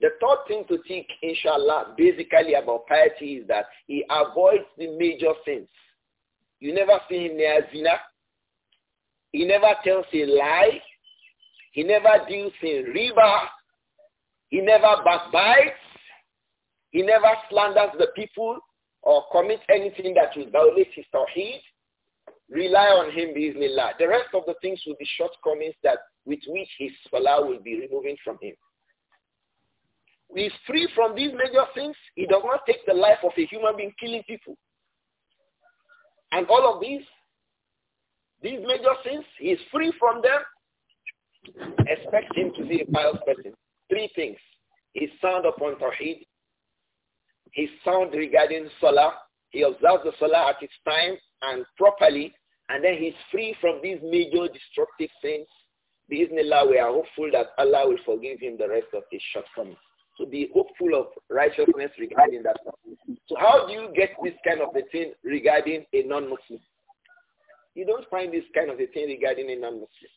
The third thing to think, inshallah, basically about piety is that he avoids the major sins. You never see him near zina. He never tells a lie. He never deals in riba. He never backbites. He never slanders the people or commits anything that will violate his tawheed. Rely on him, bi'ithnillah. The rest of the things will be shortcomings that with which his salah will be removing from him. He is free from these major things. He does not take the life of a human being killing people. And all of these, these major sins, he is free from them. Expect him to be a pious person. Three things. He's sound upon Tawheed. He's sound regarding Salah. He observes the Salah at its time and properly, and then he's free from these major destructive sins, Bismillah, we are hopeful that Allah will forgive him the rest of his shortcomings. To be hopeful of righteousness regarding that. So how do you get this kind of a thing regarding a non-Muslim? You don't find this kind of a thing regarding a non-Muslim.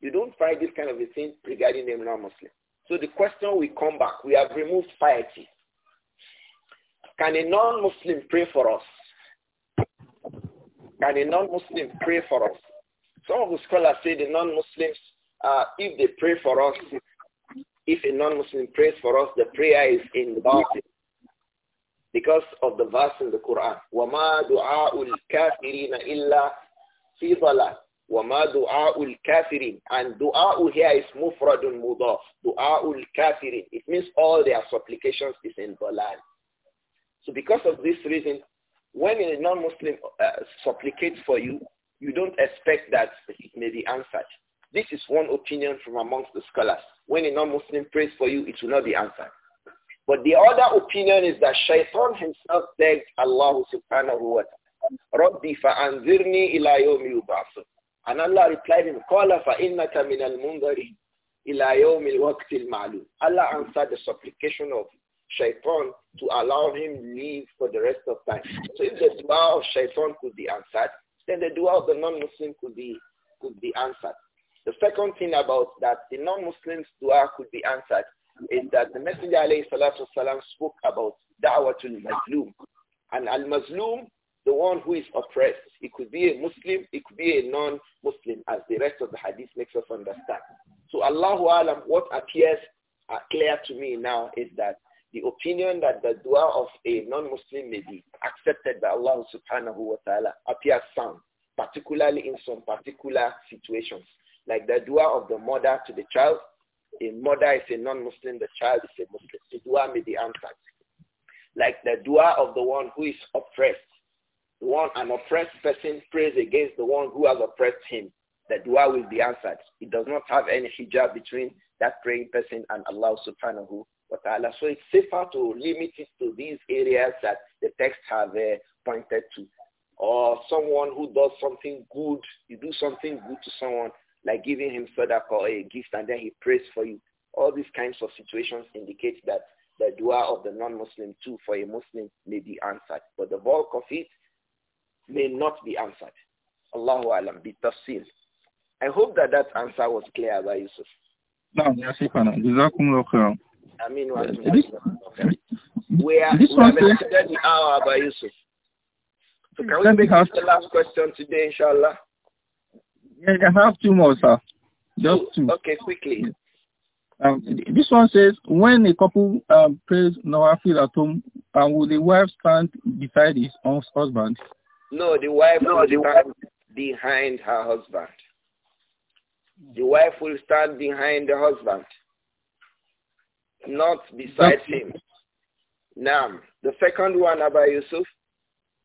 You don't find this kind of a thing regarding a non-Muslim. So the question will come back. We have removed piety. Can a non-Muslim pray for us? Can a non-Muslim pray for us? Some of the scholars say the non-Muslims, uh, if they pray for us, if a non-Muslim prays for us, the prayer is in the batin because of the verse in the Quran. وَمَا دُعَاءُ الْكَافِرِينَ إِلَّا فِي ضَلَالٍ وَمَا دُعَاءُ الْكَافِرِينَ And du'a here is mufrad mudaf. Du'a al-kafirin. It means all their supplications is in dalal. So because of this reason, when a non-Muslim uh, supplicates for you, you don't expect that it may be answered. This is one opinion from amongst the scholars. When a non-Muslim prays for you, it will not be answered. But the other opinion is that Shaitan himself begged Allah subhanahu wa ta'ala, Rabbi ila yawmi And Allah replied him, Qala fa'innaka min al-mundari Allah answered the supplication of shaitan to allow him leave for the rest of time. So if the dua of shaitan could be answered, then the dua of the non-Muslim could be, could be answered. The second thing about that the non-Muslims dua could be answered is that the Messenger of Allah spoke about da'watul mazlum. And al-mazlum, the one who is oppressed, it could be a Muslim, it could be a non-Muslim, as the rest of the hadith makes us understand. So Allahu Alam, what appears uh, clear to me now is that the opinion that the dua of a non-Muslim may be accepted by Allah subhanahu wa ta'ala appears sound, particularly in some particular situations. Like the dua of the mother to the child, a mother is a non-Muslim, the child is a Muslim. The dua may be answered. Like the dua of the one who is oppressed. The one, an oppressed person prays against the one who has oppressed him. The dua will be answered. It does not have any hijab between that praying person and Allah subhanahu wa ta'ala. So it's safer to limit it to these areas that the text have uh, pointed to. Or someone who does something good, you do something good to someone, like giving him sadaqah or a gift and then he prays for you. All these kinds of situations indicate that the dua of the non-Muslim too for a Muslim may be answered. But the bulk of it may not be answered. Allahu alam, be I hope that that answer was clear by Yusuf. No, I mean, this, we are, this we have the by Yusuf. So can we make the last question today, inshallah? Yeah, I have two more, sir. Just two. two. Okay, quickly. Um, this one says, when a couple um, prays Nawafil at home, and will the wife stand beside his own husband? No, the wife no, will the stand wife. behind her husband. The wife will stand behind the husband not besides him. Now, the second one, Abba Yusuf.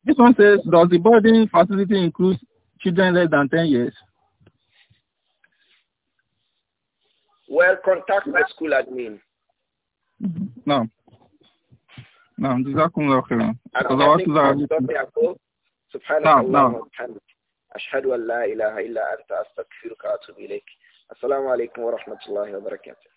This one says, does the boarding facility include children less than 10 years? Well, contact the school admin. No. No, جزاكم الله خيرا. سبحانك اللهم وبحمدك